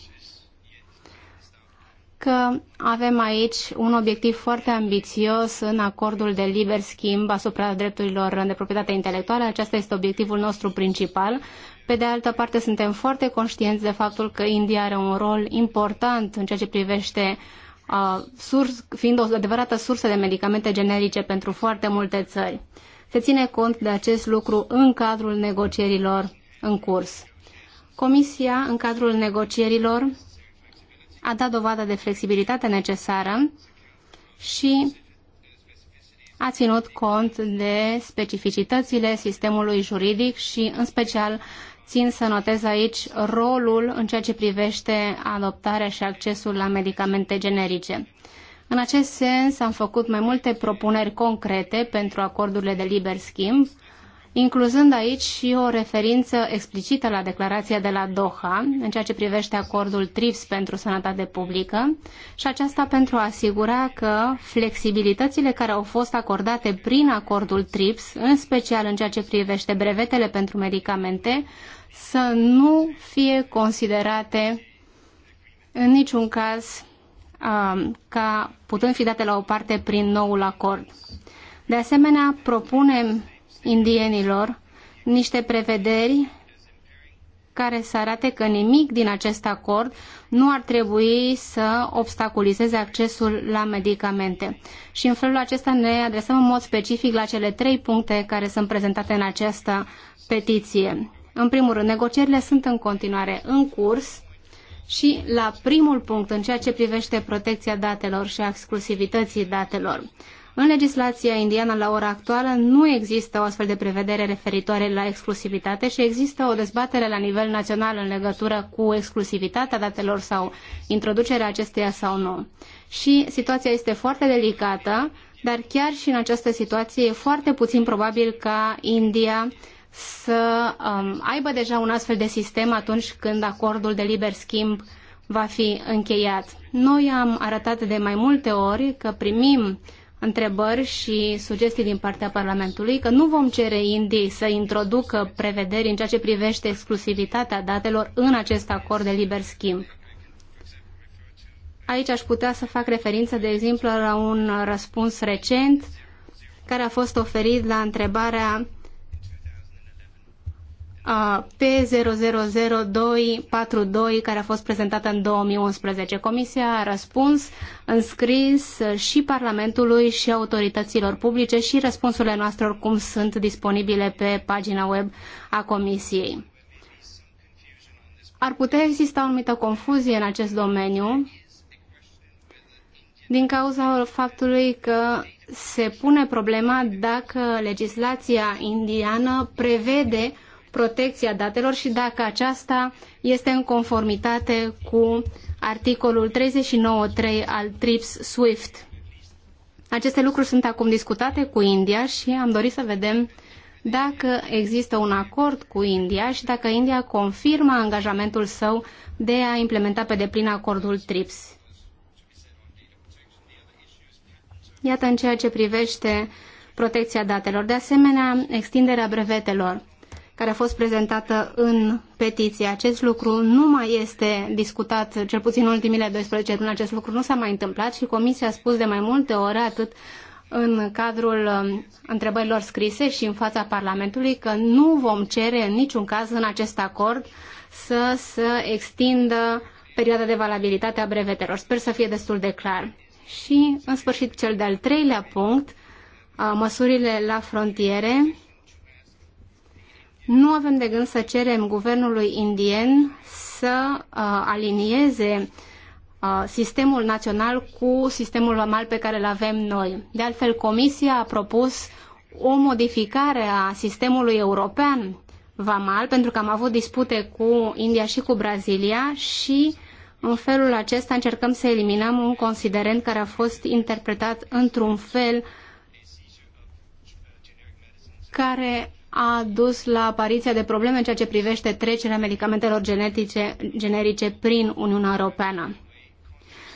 că avem aici un obiectiv foarte ambițios în acordul de liber schimb asupra drepturilor de proprietate intelectuală. Acesta este obiectivul nostru principal pe de altă parte, suntem foarte conștienți de faptul că India are un rol important în ceea ce privește uh, surs, fiind o adevărată sursă de medicamente generice pentru foarte multe țări. Se ține cont de acest lucru în cadrul negocierilor în curs. Comisia, în cadrul negocierilor, a dat dovadă de flexibilitatea necesară și a ținut cont de specificitățile sistemului juridic și, în special, țin să notez aici rolul în ceea ce privește adoptarea și accesul la medicamente generice. În acest sens am făcut mai multe propuneri concrete pentru acordurile de liber schimb, incluzând aici și o referință explicită la declarația de la Doha în ceea ce privește acordul TRIPS pentru sănătate publică și aceasta pentru a asigura că flexibilitățile care au fost acordate prin acordul TRIPS, în special în ceea ce privește brevetele pentru medicamente, să nu fie considerate în niciun caz um, ca putând fi date la o parte prin noul acord. De asemenea, propunem indienilor niște prevederi care să arate că nimic din acest acord nu ar trebui să obstaculizeze accesul la medicamente. Și în felul acesta ne adresăm în mod specific la cele trei puncte care sunt prezentate în această petiție. În primul rând, negocierile sunt în continuare în curs și la primul punct, în ceea ce privește protecția datelor și exclusivității datelor. În legislația indiană la ora actuală nu există o astfel de prevedere referitoare la exclusivitate și există o dezbatere la nivel național în legătură cu exclusivitatea datelor sau introducerea acesteia sau nu. Și situația este foarte delicată, dar chiar și în această situație e foarte puțin probabil ca India să um, aibă deja un astfel de sistem atunci când acordul de liber schimb va fi încheiat. Noi am arătat de mai multe ori că primim întrebări și sugestii din partea Parlamentului că nu vom cere Indiei să introducă prevederi în ceea ce privește exclusivitatea datelor în acest acord de liber schimb. Aici aș putea să fac referință, de exemplu, la un răspuns recent care a fost oferit la întrebarea p doi care a fost prezentată în 2011. Comisia a răspuns în scris și Parlamentului și autorităților publice și răspunsurile noastre oricum sunt disponibile pe pagina web a Comisiei. Ar putea exista o anumită confuzie în acest domeniu din cauza faptului că se pune problema dacă legislația indiană prevede protecția datelor și dacă aceasta este în conformitate cu articolul 39.3 al TRIPS SWIFT. Aceste lucruri sunt acum discutate cu India și am dorit să vedem dacă există un acord cu India și dacă India confirmă angajamentul său de a implementa pe deplin acordul TRIPS. Iată în ceea ce privește protecția datelor. De asemenea, extinderea brevetelor care a fost prezentată în petiție. Acest lucru nu mai este discutat, cel puțin în ultimile 12 luni, acest lucru nu s-a mai întâmplat și Comisia a spus de mai multe ori, atât în cadrul um, întrebărilor scrise și în fața Parlamentului, că nu vom cere în niciun caz în acest acord să, se extindă perioada de valabilitate a brevetelor. Sper să fie destul de clar. Și, în sfârșit, cel de-al treilea punct, uh, măsurile la frontiere nu avem de gând să cerem guvernului indian să uh, alinieze uh, sistemul național cu sistemul vamal pe care îl avem noi. De altfel, Comisia a propus o modificare a sistemului european vamal, pentru că am avut dispute cu India și cu Brazilia și în felul acesta încercăm să eliminăm un considerent care a fost interpretat într-un fel care a dus la apariția de probleme în ceea ce privește trecerea medicamentelor genetice, generice prin Uniunea Europeană.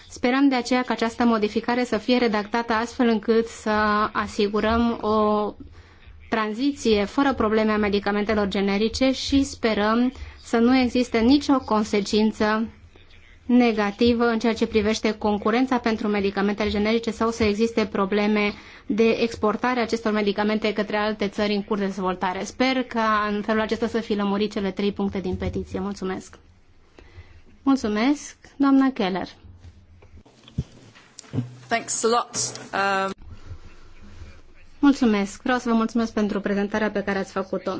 Sperăm de aceea că această modificare să fie redactată astfel încât să asigurăm o tranziție fără probleme a medicamentelor generice și sperăm să nu existe nicio consecință negativă în ceea ce privește concurența pentru medicamentele generice sau să existe probleme de exportare a acestor medicamente către alte țări în curs de dezvoltare. Sper că în felul acesta să fi lămurit cele trei puncte din petiție. Mulțumesc! Mulțumesc, doamna Keller! Thanks a lot. Um... Mulțumesc! Vreau să vă mulțumesc pentru prezentarea pe care ați făcut-o.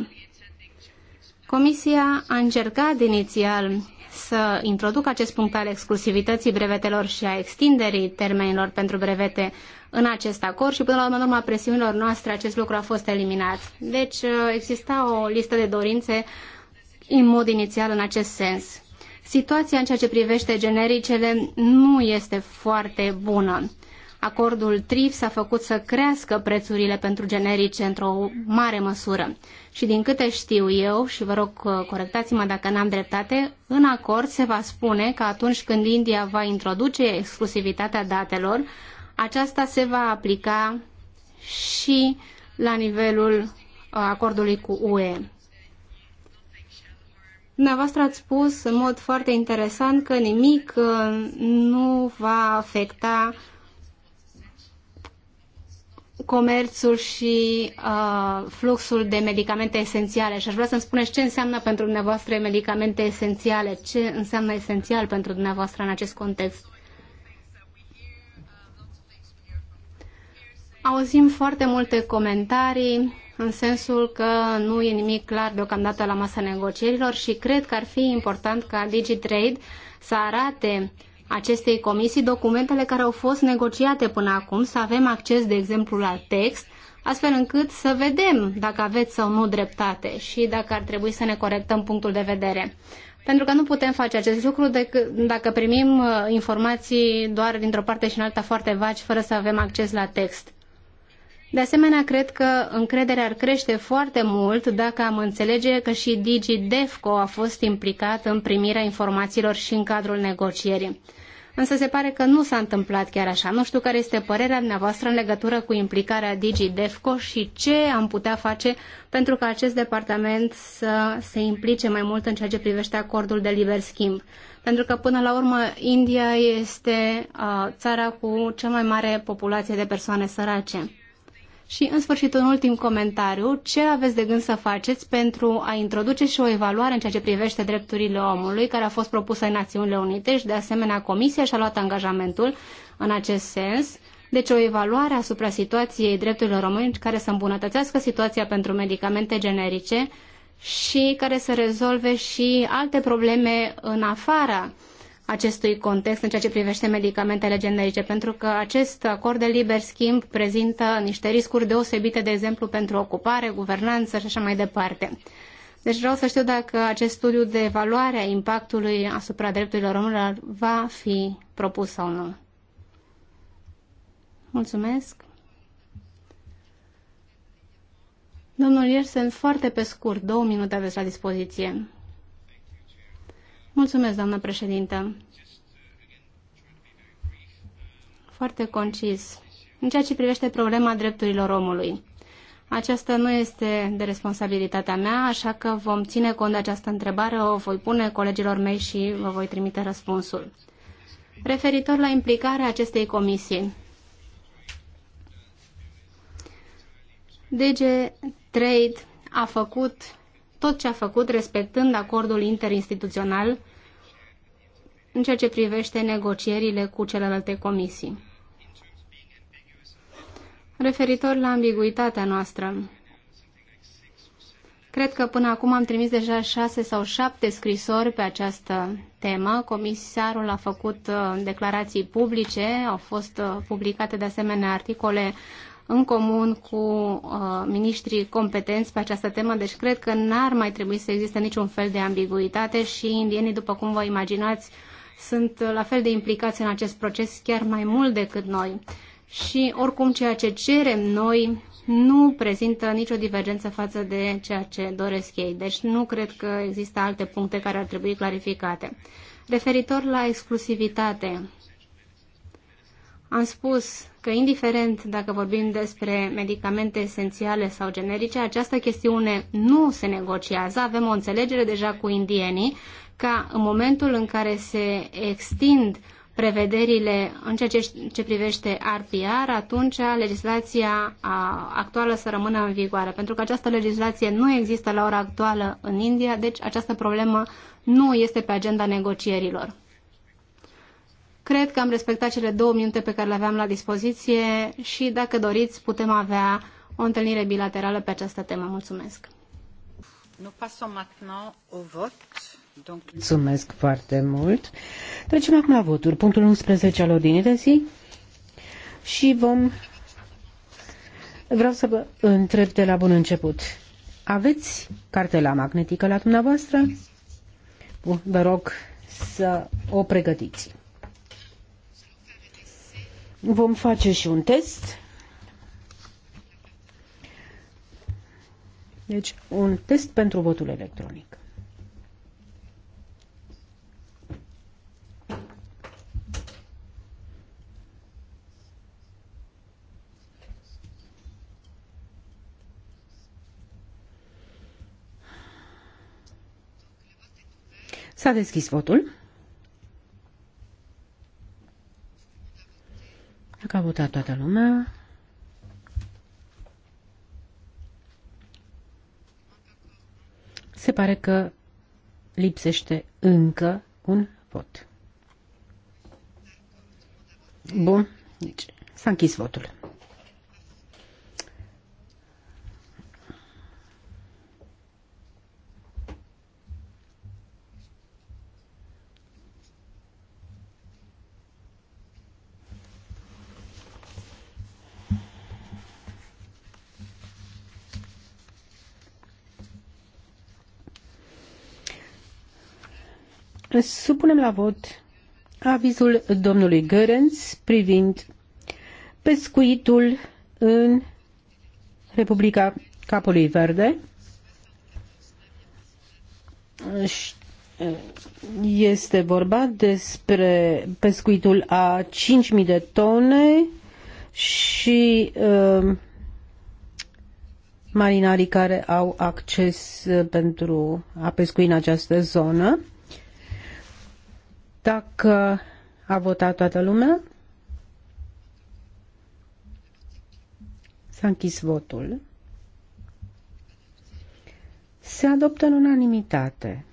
Comisia a încercat inițial să introducă acest punct al exclusivității brevetelor și a extinderii termenilor pentru brevete în acest acord și până la urmă, în urma presiunilor noastre, acest lucru a fost eliminat. Deci uh, exista o listă de dorințe în mod inițial în acest sens. Situația în ceea ce privește genericele nu este foarte bună. Acordul TRIPS a făcut să crească prețurile pentru generice într-o mare măsură. Și din câte știu eu, și vă rog uh, corectați-mă dacă n-am dreptate, în acord se va spune că atunci când India va introduce exclusivitatea datelor, aceasta se va aplica și la nivelul uh, acordului cu UE. Dumneavoastră ați spus în mod foarte interesant că nimic uh, nu va afecta uh, comerțul și uh, fluxul de medicamente esențiale și aș vrea să-mi spuneți ce înseamnă pentru dumneavoastră medicamente esențiale, ce înseamnă esențial pentru dumneavoastră în acest context. Auzim foarte multe comentarii în sensul că nu e nimic clar deocamdată la masa negocierilor și cred că ar fi important ca DigiTrade să arate uh, acestei comisii documentele care au fost negociate până acum, să avem acces, de exemplu, la text, astfel încât să vedem dacă aveți sau nu dreptate și dacă ar trebui să ne corectăm punctul de vedere. Pentru că nu putem face acest lucru decât dacă primim uh, informații doar dintr-o parte și în alta foarte vaci, fără să avem acces la text. De asemenea, cred că încrederea ar crește foarte mult dacă am înțelege că și DigiDefco a fost implicat în primirea informațiilor și în cadrul negocierii însă se pare că nu s-a întâmplat chiar așa. Nu știu care este părerea dumneavoastră în legătură cu implicarea DigiDefco și ce am putea face pentru ca acest departament să se implice mai mult în ceea ce privește acordul de liber schimb. Pentru că, până la urmă, India este uh, țara cu cea mai mare populație de persoane sărace. Și, în sfârșit, un ultim comentariu. Ce aveți de gând să faceți pentru a introduce și o evaluare în ceea ce privește drepturile omului, care a fost propusă în Națiunile Unite și, de asemenea, Comisia și-a luat angajamentul în acest sens? Deci o evaluare asupra situației drepturilor români care să îmbunătățească situația pentru medicamente generice și care să rezolve și alte probleme în afara acestui context în ceea ce privește medicamentele generice, pentru că acest acord de liber schimb prezintă niște riscuri deosebite, de exemplu, pentru ocupare, guvernanță și așa mai departe. Deci vreau să știu dacă acest studiu de evaluare a impactului asupra drepturilor omului va fi propus sau nu. Mulțumesc. Domnul Iersen, foarte pe scurt, două minute aveți la dispoziție. Mulțumesc, doamnă președintă. Foarte concis. În ceea ce privește problema drepturilor omului, aceasta nu este de responsabilitatea mea, așa că vom ține cont de această întrebare, o voi pune colegilor mei și vă voi trimite răspunsul. Referitor la implicarea acestei comisii, DG Trade a făcut tot ce a făcut respectând acordul interinstituțional în ceea ce privește negocierile cu celelalte comisii. Referitor la ambiguitatea noastră, cred că până acum am trimis deja șase sau șapte scrisori pe această temă. Comisarul a făcut uh, declarații publice, au fost uh, publicate de asemenea articole în comun cu uh, miniștrii competenți pe această temă, deci cred că n-ar mai trebui să existe niciun fel de ambiguitate și indienii, după cum vă imaginați, uh, sunt la fel de implicați în acest proces, chiar mai mult decât noi. Și oricum ceea ce cerem noi nu prezintă nicio divergență față de ceea ce doresc ei. Deci nu cred că există alte puncte care ar trebui clarificate. Referitor la exclusivitate, am spus că indiferent dacă vorbim despre medicamente esențiale sau generice, această chestiune nu se negociază. Avem o înțelegere deja cu indienii ca în momentul în care se extind prevederile în ceea ce, ce privește RPR, atunci legislația a, actuală să rămână în vigoare. Pentru că această legislație nu există la ora actuală în India, deci această problemă nu este pe agenda negocierilor. Cred că am respectat cele două minute pe care le aveam la dispoziție și, dacă doriți, putem avea o întâlnire bilaterală pe această temă. Mulțumesc! Nous passons maintenant au vote. Mulțumesc foarte mult. Trecem acum la voturi. Punctul 11 al ordinii de zi. Și vom... Vreau să vă întreb de la bun început. Aveți cartela magnetică la dumneavoastră? Bun, vă rog să o pregătiți. Vom face și un test. Deci, un test pentru votul electronic. S-a deschis votul. Dacă a votat toată lumea. Se pare că lipsește încă un vot. Bun, deci s-a închis votul. Supunem la vot avizul domnului Gărenț privind pescuitul în Republica Capului Verde. Este vorba despre pescuitul a 5.000 de tone și um, marinarii care au acces uh, pentru a pescui în această zonă. Dacă a votat toată lumea, s-a închis votul. Se adoptă în unanimitate.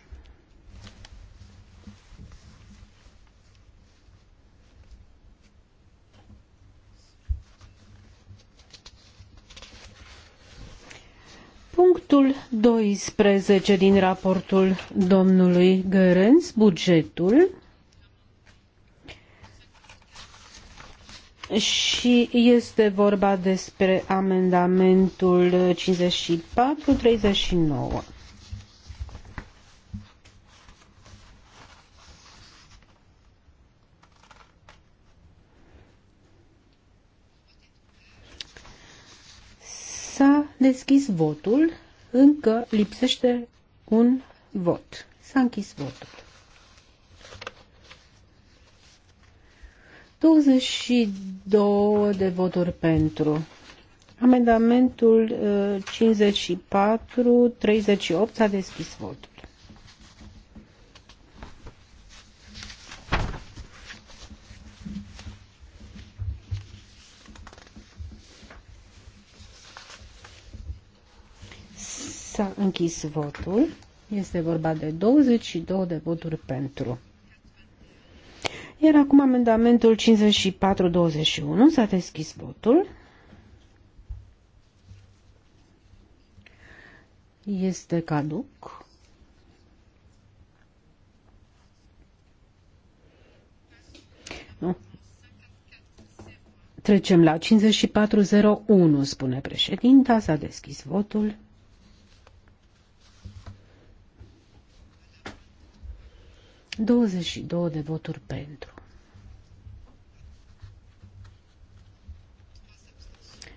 Punctul 12 din raportul domnului Gărânț, bugetul și este vorba despre amendamentul 54-39. S-a deschis votul, încă lipsește un vot. S-a închis votul. 22 de voturi pentru. Amendamentul 54, uh, 38 s-a deschis votul. S-a închis votul. Este vorba de 22 de voturi pentru. Iar acum amendamentul 5421 s-a deschis votul. Este caduc. Nu. Trecem la 5401, spune președinta, s-a deschis votul. 22 de voturi pentru.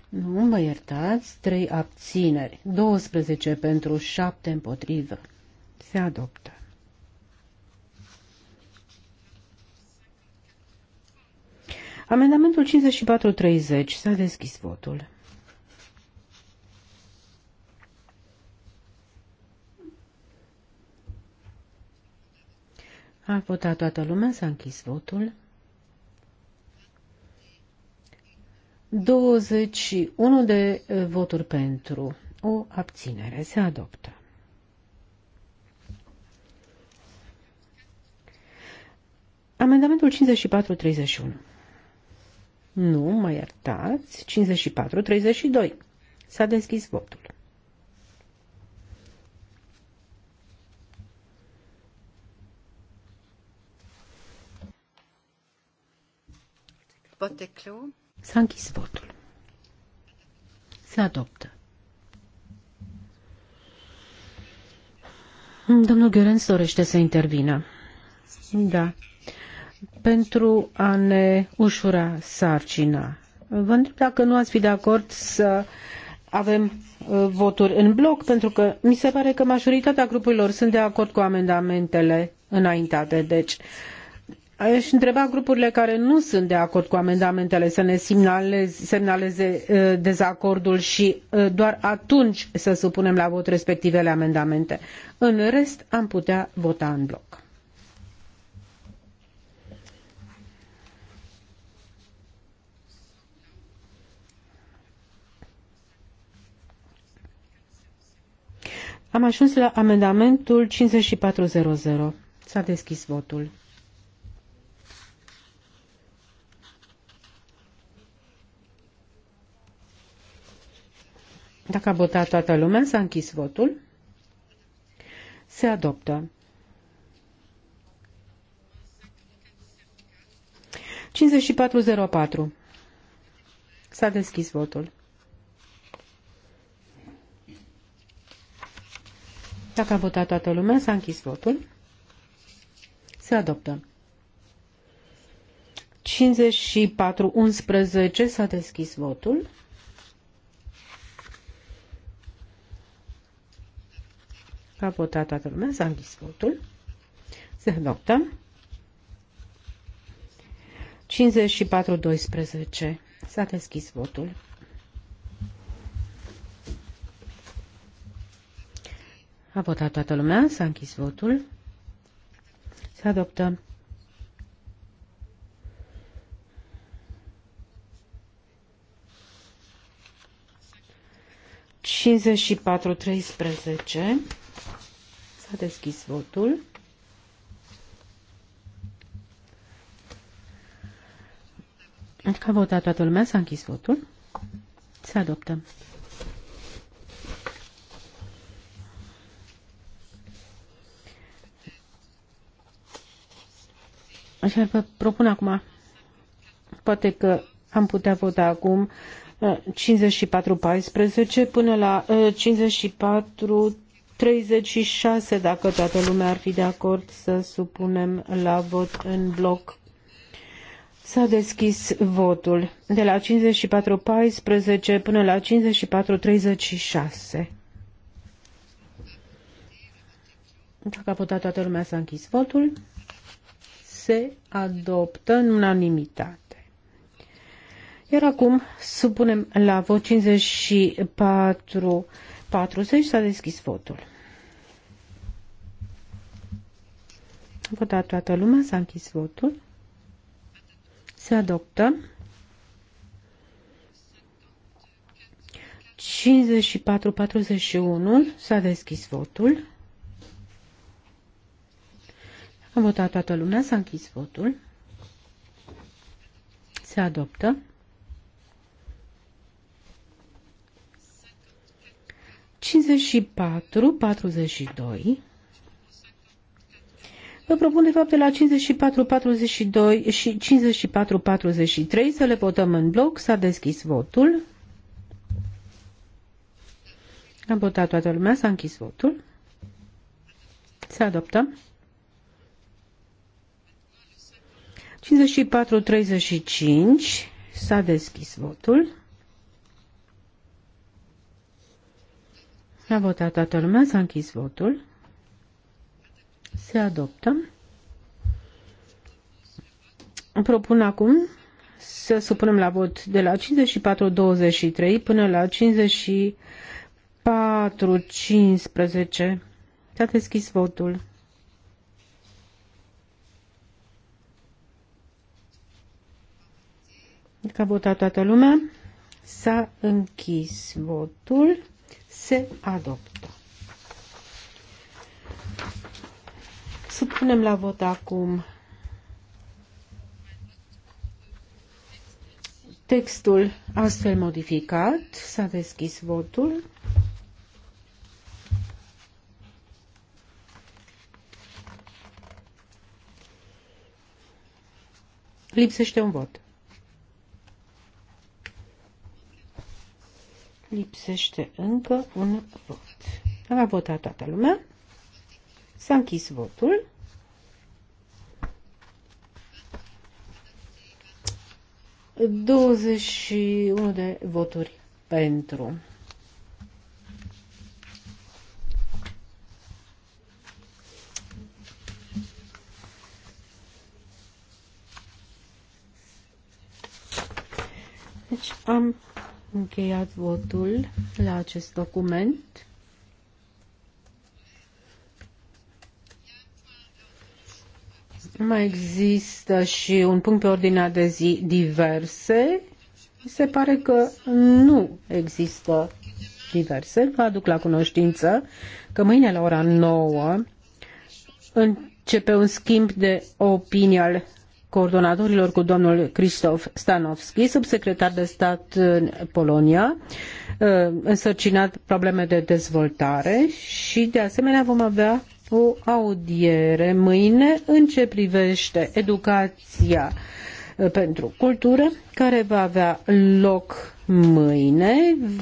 Nu mă iertați, 3 abțineri, 12 pentru 7 împotrivă. Se adoptă. Amendamentul 5430 s-a deschis votul. A votat toată lumea, s-a închis votul. 21 de voturi pentru, o abținere se adoptă. Amendamentul 5431. Nu, mă iertați, 5432. S-a deschis votul. S-a închis votul. Se adoptă. Domnul dorește să intervină. Da. Pentru a ne ușura sarcina. Vă întreb dacă nu ați fi de acord să avem uh, voturi în bloc, pentru că mi se pare că majoritatea grupurilor sunt de acord cu amendamentele înaintate. Deci, uh, Aș întreba grupurile care nu sunt de acord cu amendamentele să ne semnaleze, uh, dezacordul și uh, doar atunci să supunem la vot respectivele amendamente. În rest am putea vota în bloc. Am ajuns la amendamentul 5400. S-a deschis votul. Dacă a votat toată lumea, s-a închis votul. Se adoptă. 5404. S-a deschis votul. Dacă a votat toată lumea, s-a închis votul. Se adoptă. 5411 s-a deschis votul. A votat toată lumea, s-a închis votul. Se adoptă. 54-12. S-a deschis votul. A votat toată lumea, s-a închis votul. Se adoptă. Cincizeci și S-a deschis votul. Deci că a votat toată lumea, s-a închis votul. Se adoptă. Așa vă propun acum, poate că am putea vota acum 54-14 uh, până la 54 uh, 36, dacă toată lumea ar fi de acord să supunem la vot în bloc. S-a deschis votul de la 54.14 până la 54.36. Dacă a votat toată lumea, s-a închis votul. Se adoptă în unanimitate. Iar acum supunem la vot 54 40 s-a deschis votul. A votat toată lumea, s-a închis votul. Se adoptă. 54-41 s-a deschis votul. A votat toată lumea, s-a închis votul. Se adoptă. 54, 42. Vă propun de fapt de la 54, 42 și 54, 43 să le votăm în bloc. S-a deschis votul. Am votat toată lumea, s-a închis votul. Se adoptă. 54-35 s-a deschis votul. A votat toată lumea, s-a închis votul. Se adoptă. Propun acum să supunem la vot de la 54-23 până la 54-15. S-a deschis votul. Ca a votat toată lumea. S-a închis votul se adoptă. Supunem la vot acum textul astfel modificat. S-a deschis votul. Lipsește un vot. Lipsește încă un vot. A votat toată lumea. S-a închis votul. Douăzeci și unu de voturi pentru. încheiat votul la acest document. Mai există și un punct pe ordinea de zi diverse. Se pare că nu există diverse. Vă aduc la cunoștință că mâine la ora 9 începe un schimb de opinie al coordonatorilor cu domnul Krzysztof Stanowski, subsecretar de stat în Polonia, uh, însărcinat probleme de dezvoltare și de asemenea vom avea o audiere mâine în ce privește educația uh, pentru cultură, care va avea loc mâine.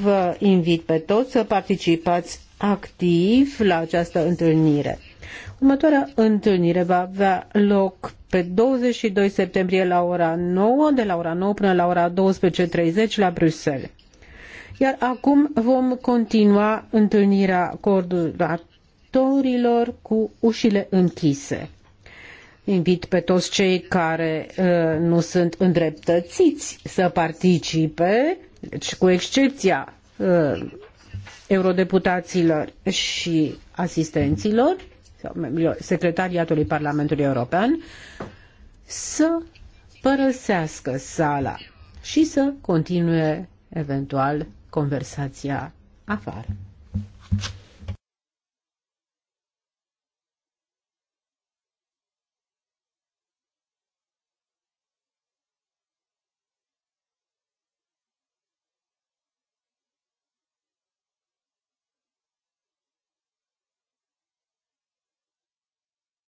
Vă invit pe toți să participați activ la această întâlnire. Următoarea întâlnire va avea loc pe 22 septembrie la ora 9, de la ora 9 până la ora 12.30 la Bruxelles. Iar acum vom continua întâlnirea coordonatorilor cu ușile închise. Invit pe toți cei care uh, nu sunt îndreptățiți să participe, deci cu excepția uh, eurodeputaților și asistenților, sau secretariatului Parlamentului European să părăsească sala și să continue eventual conversația afară.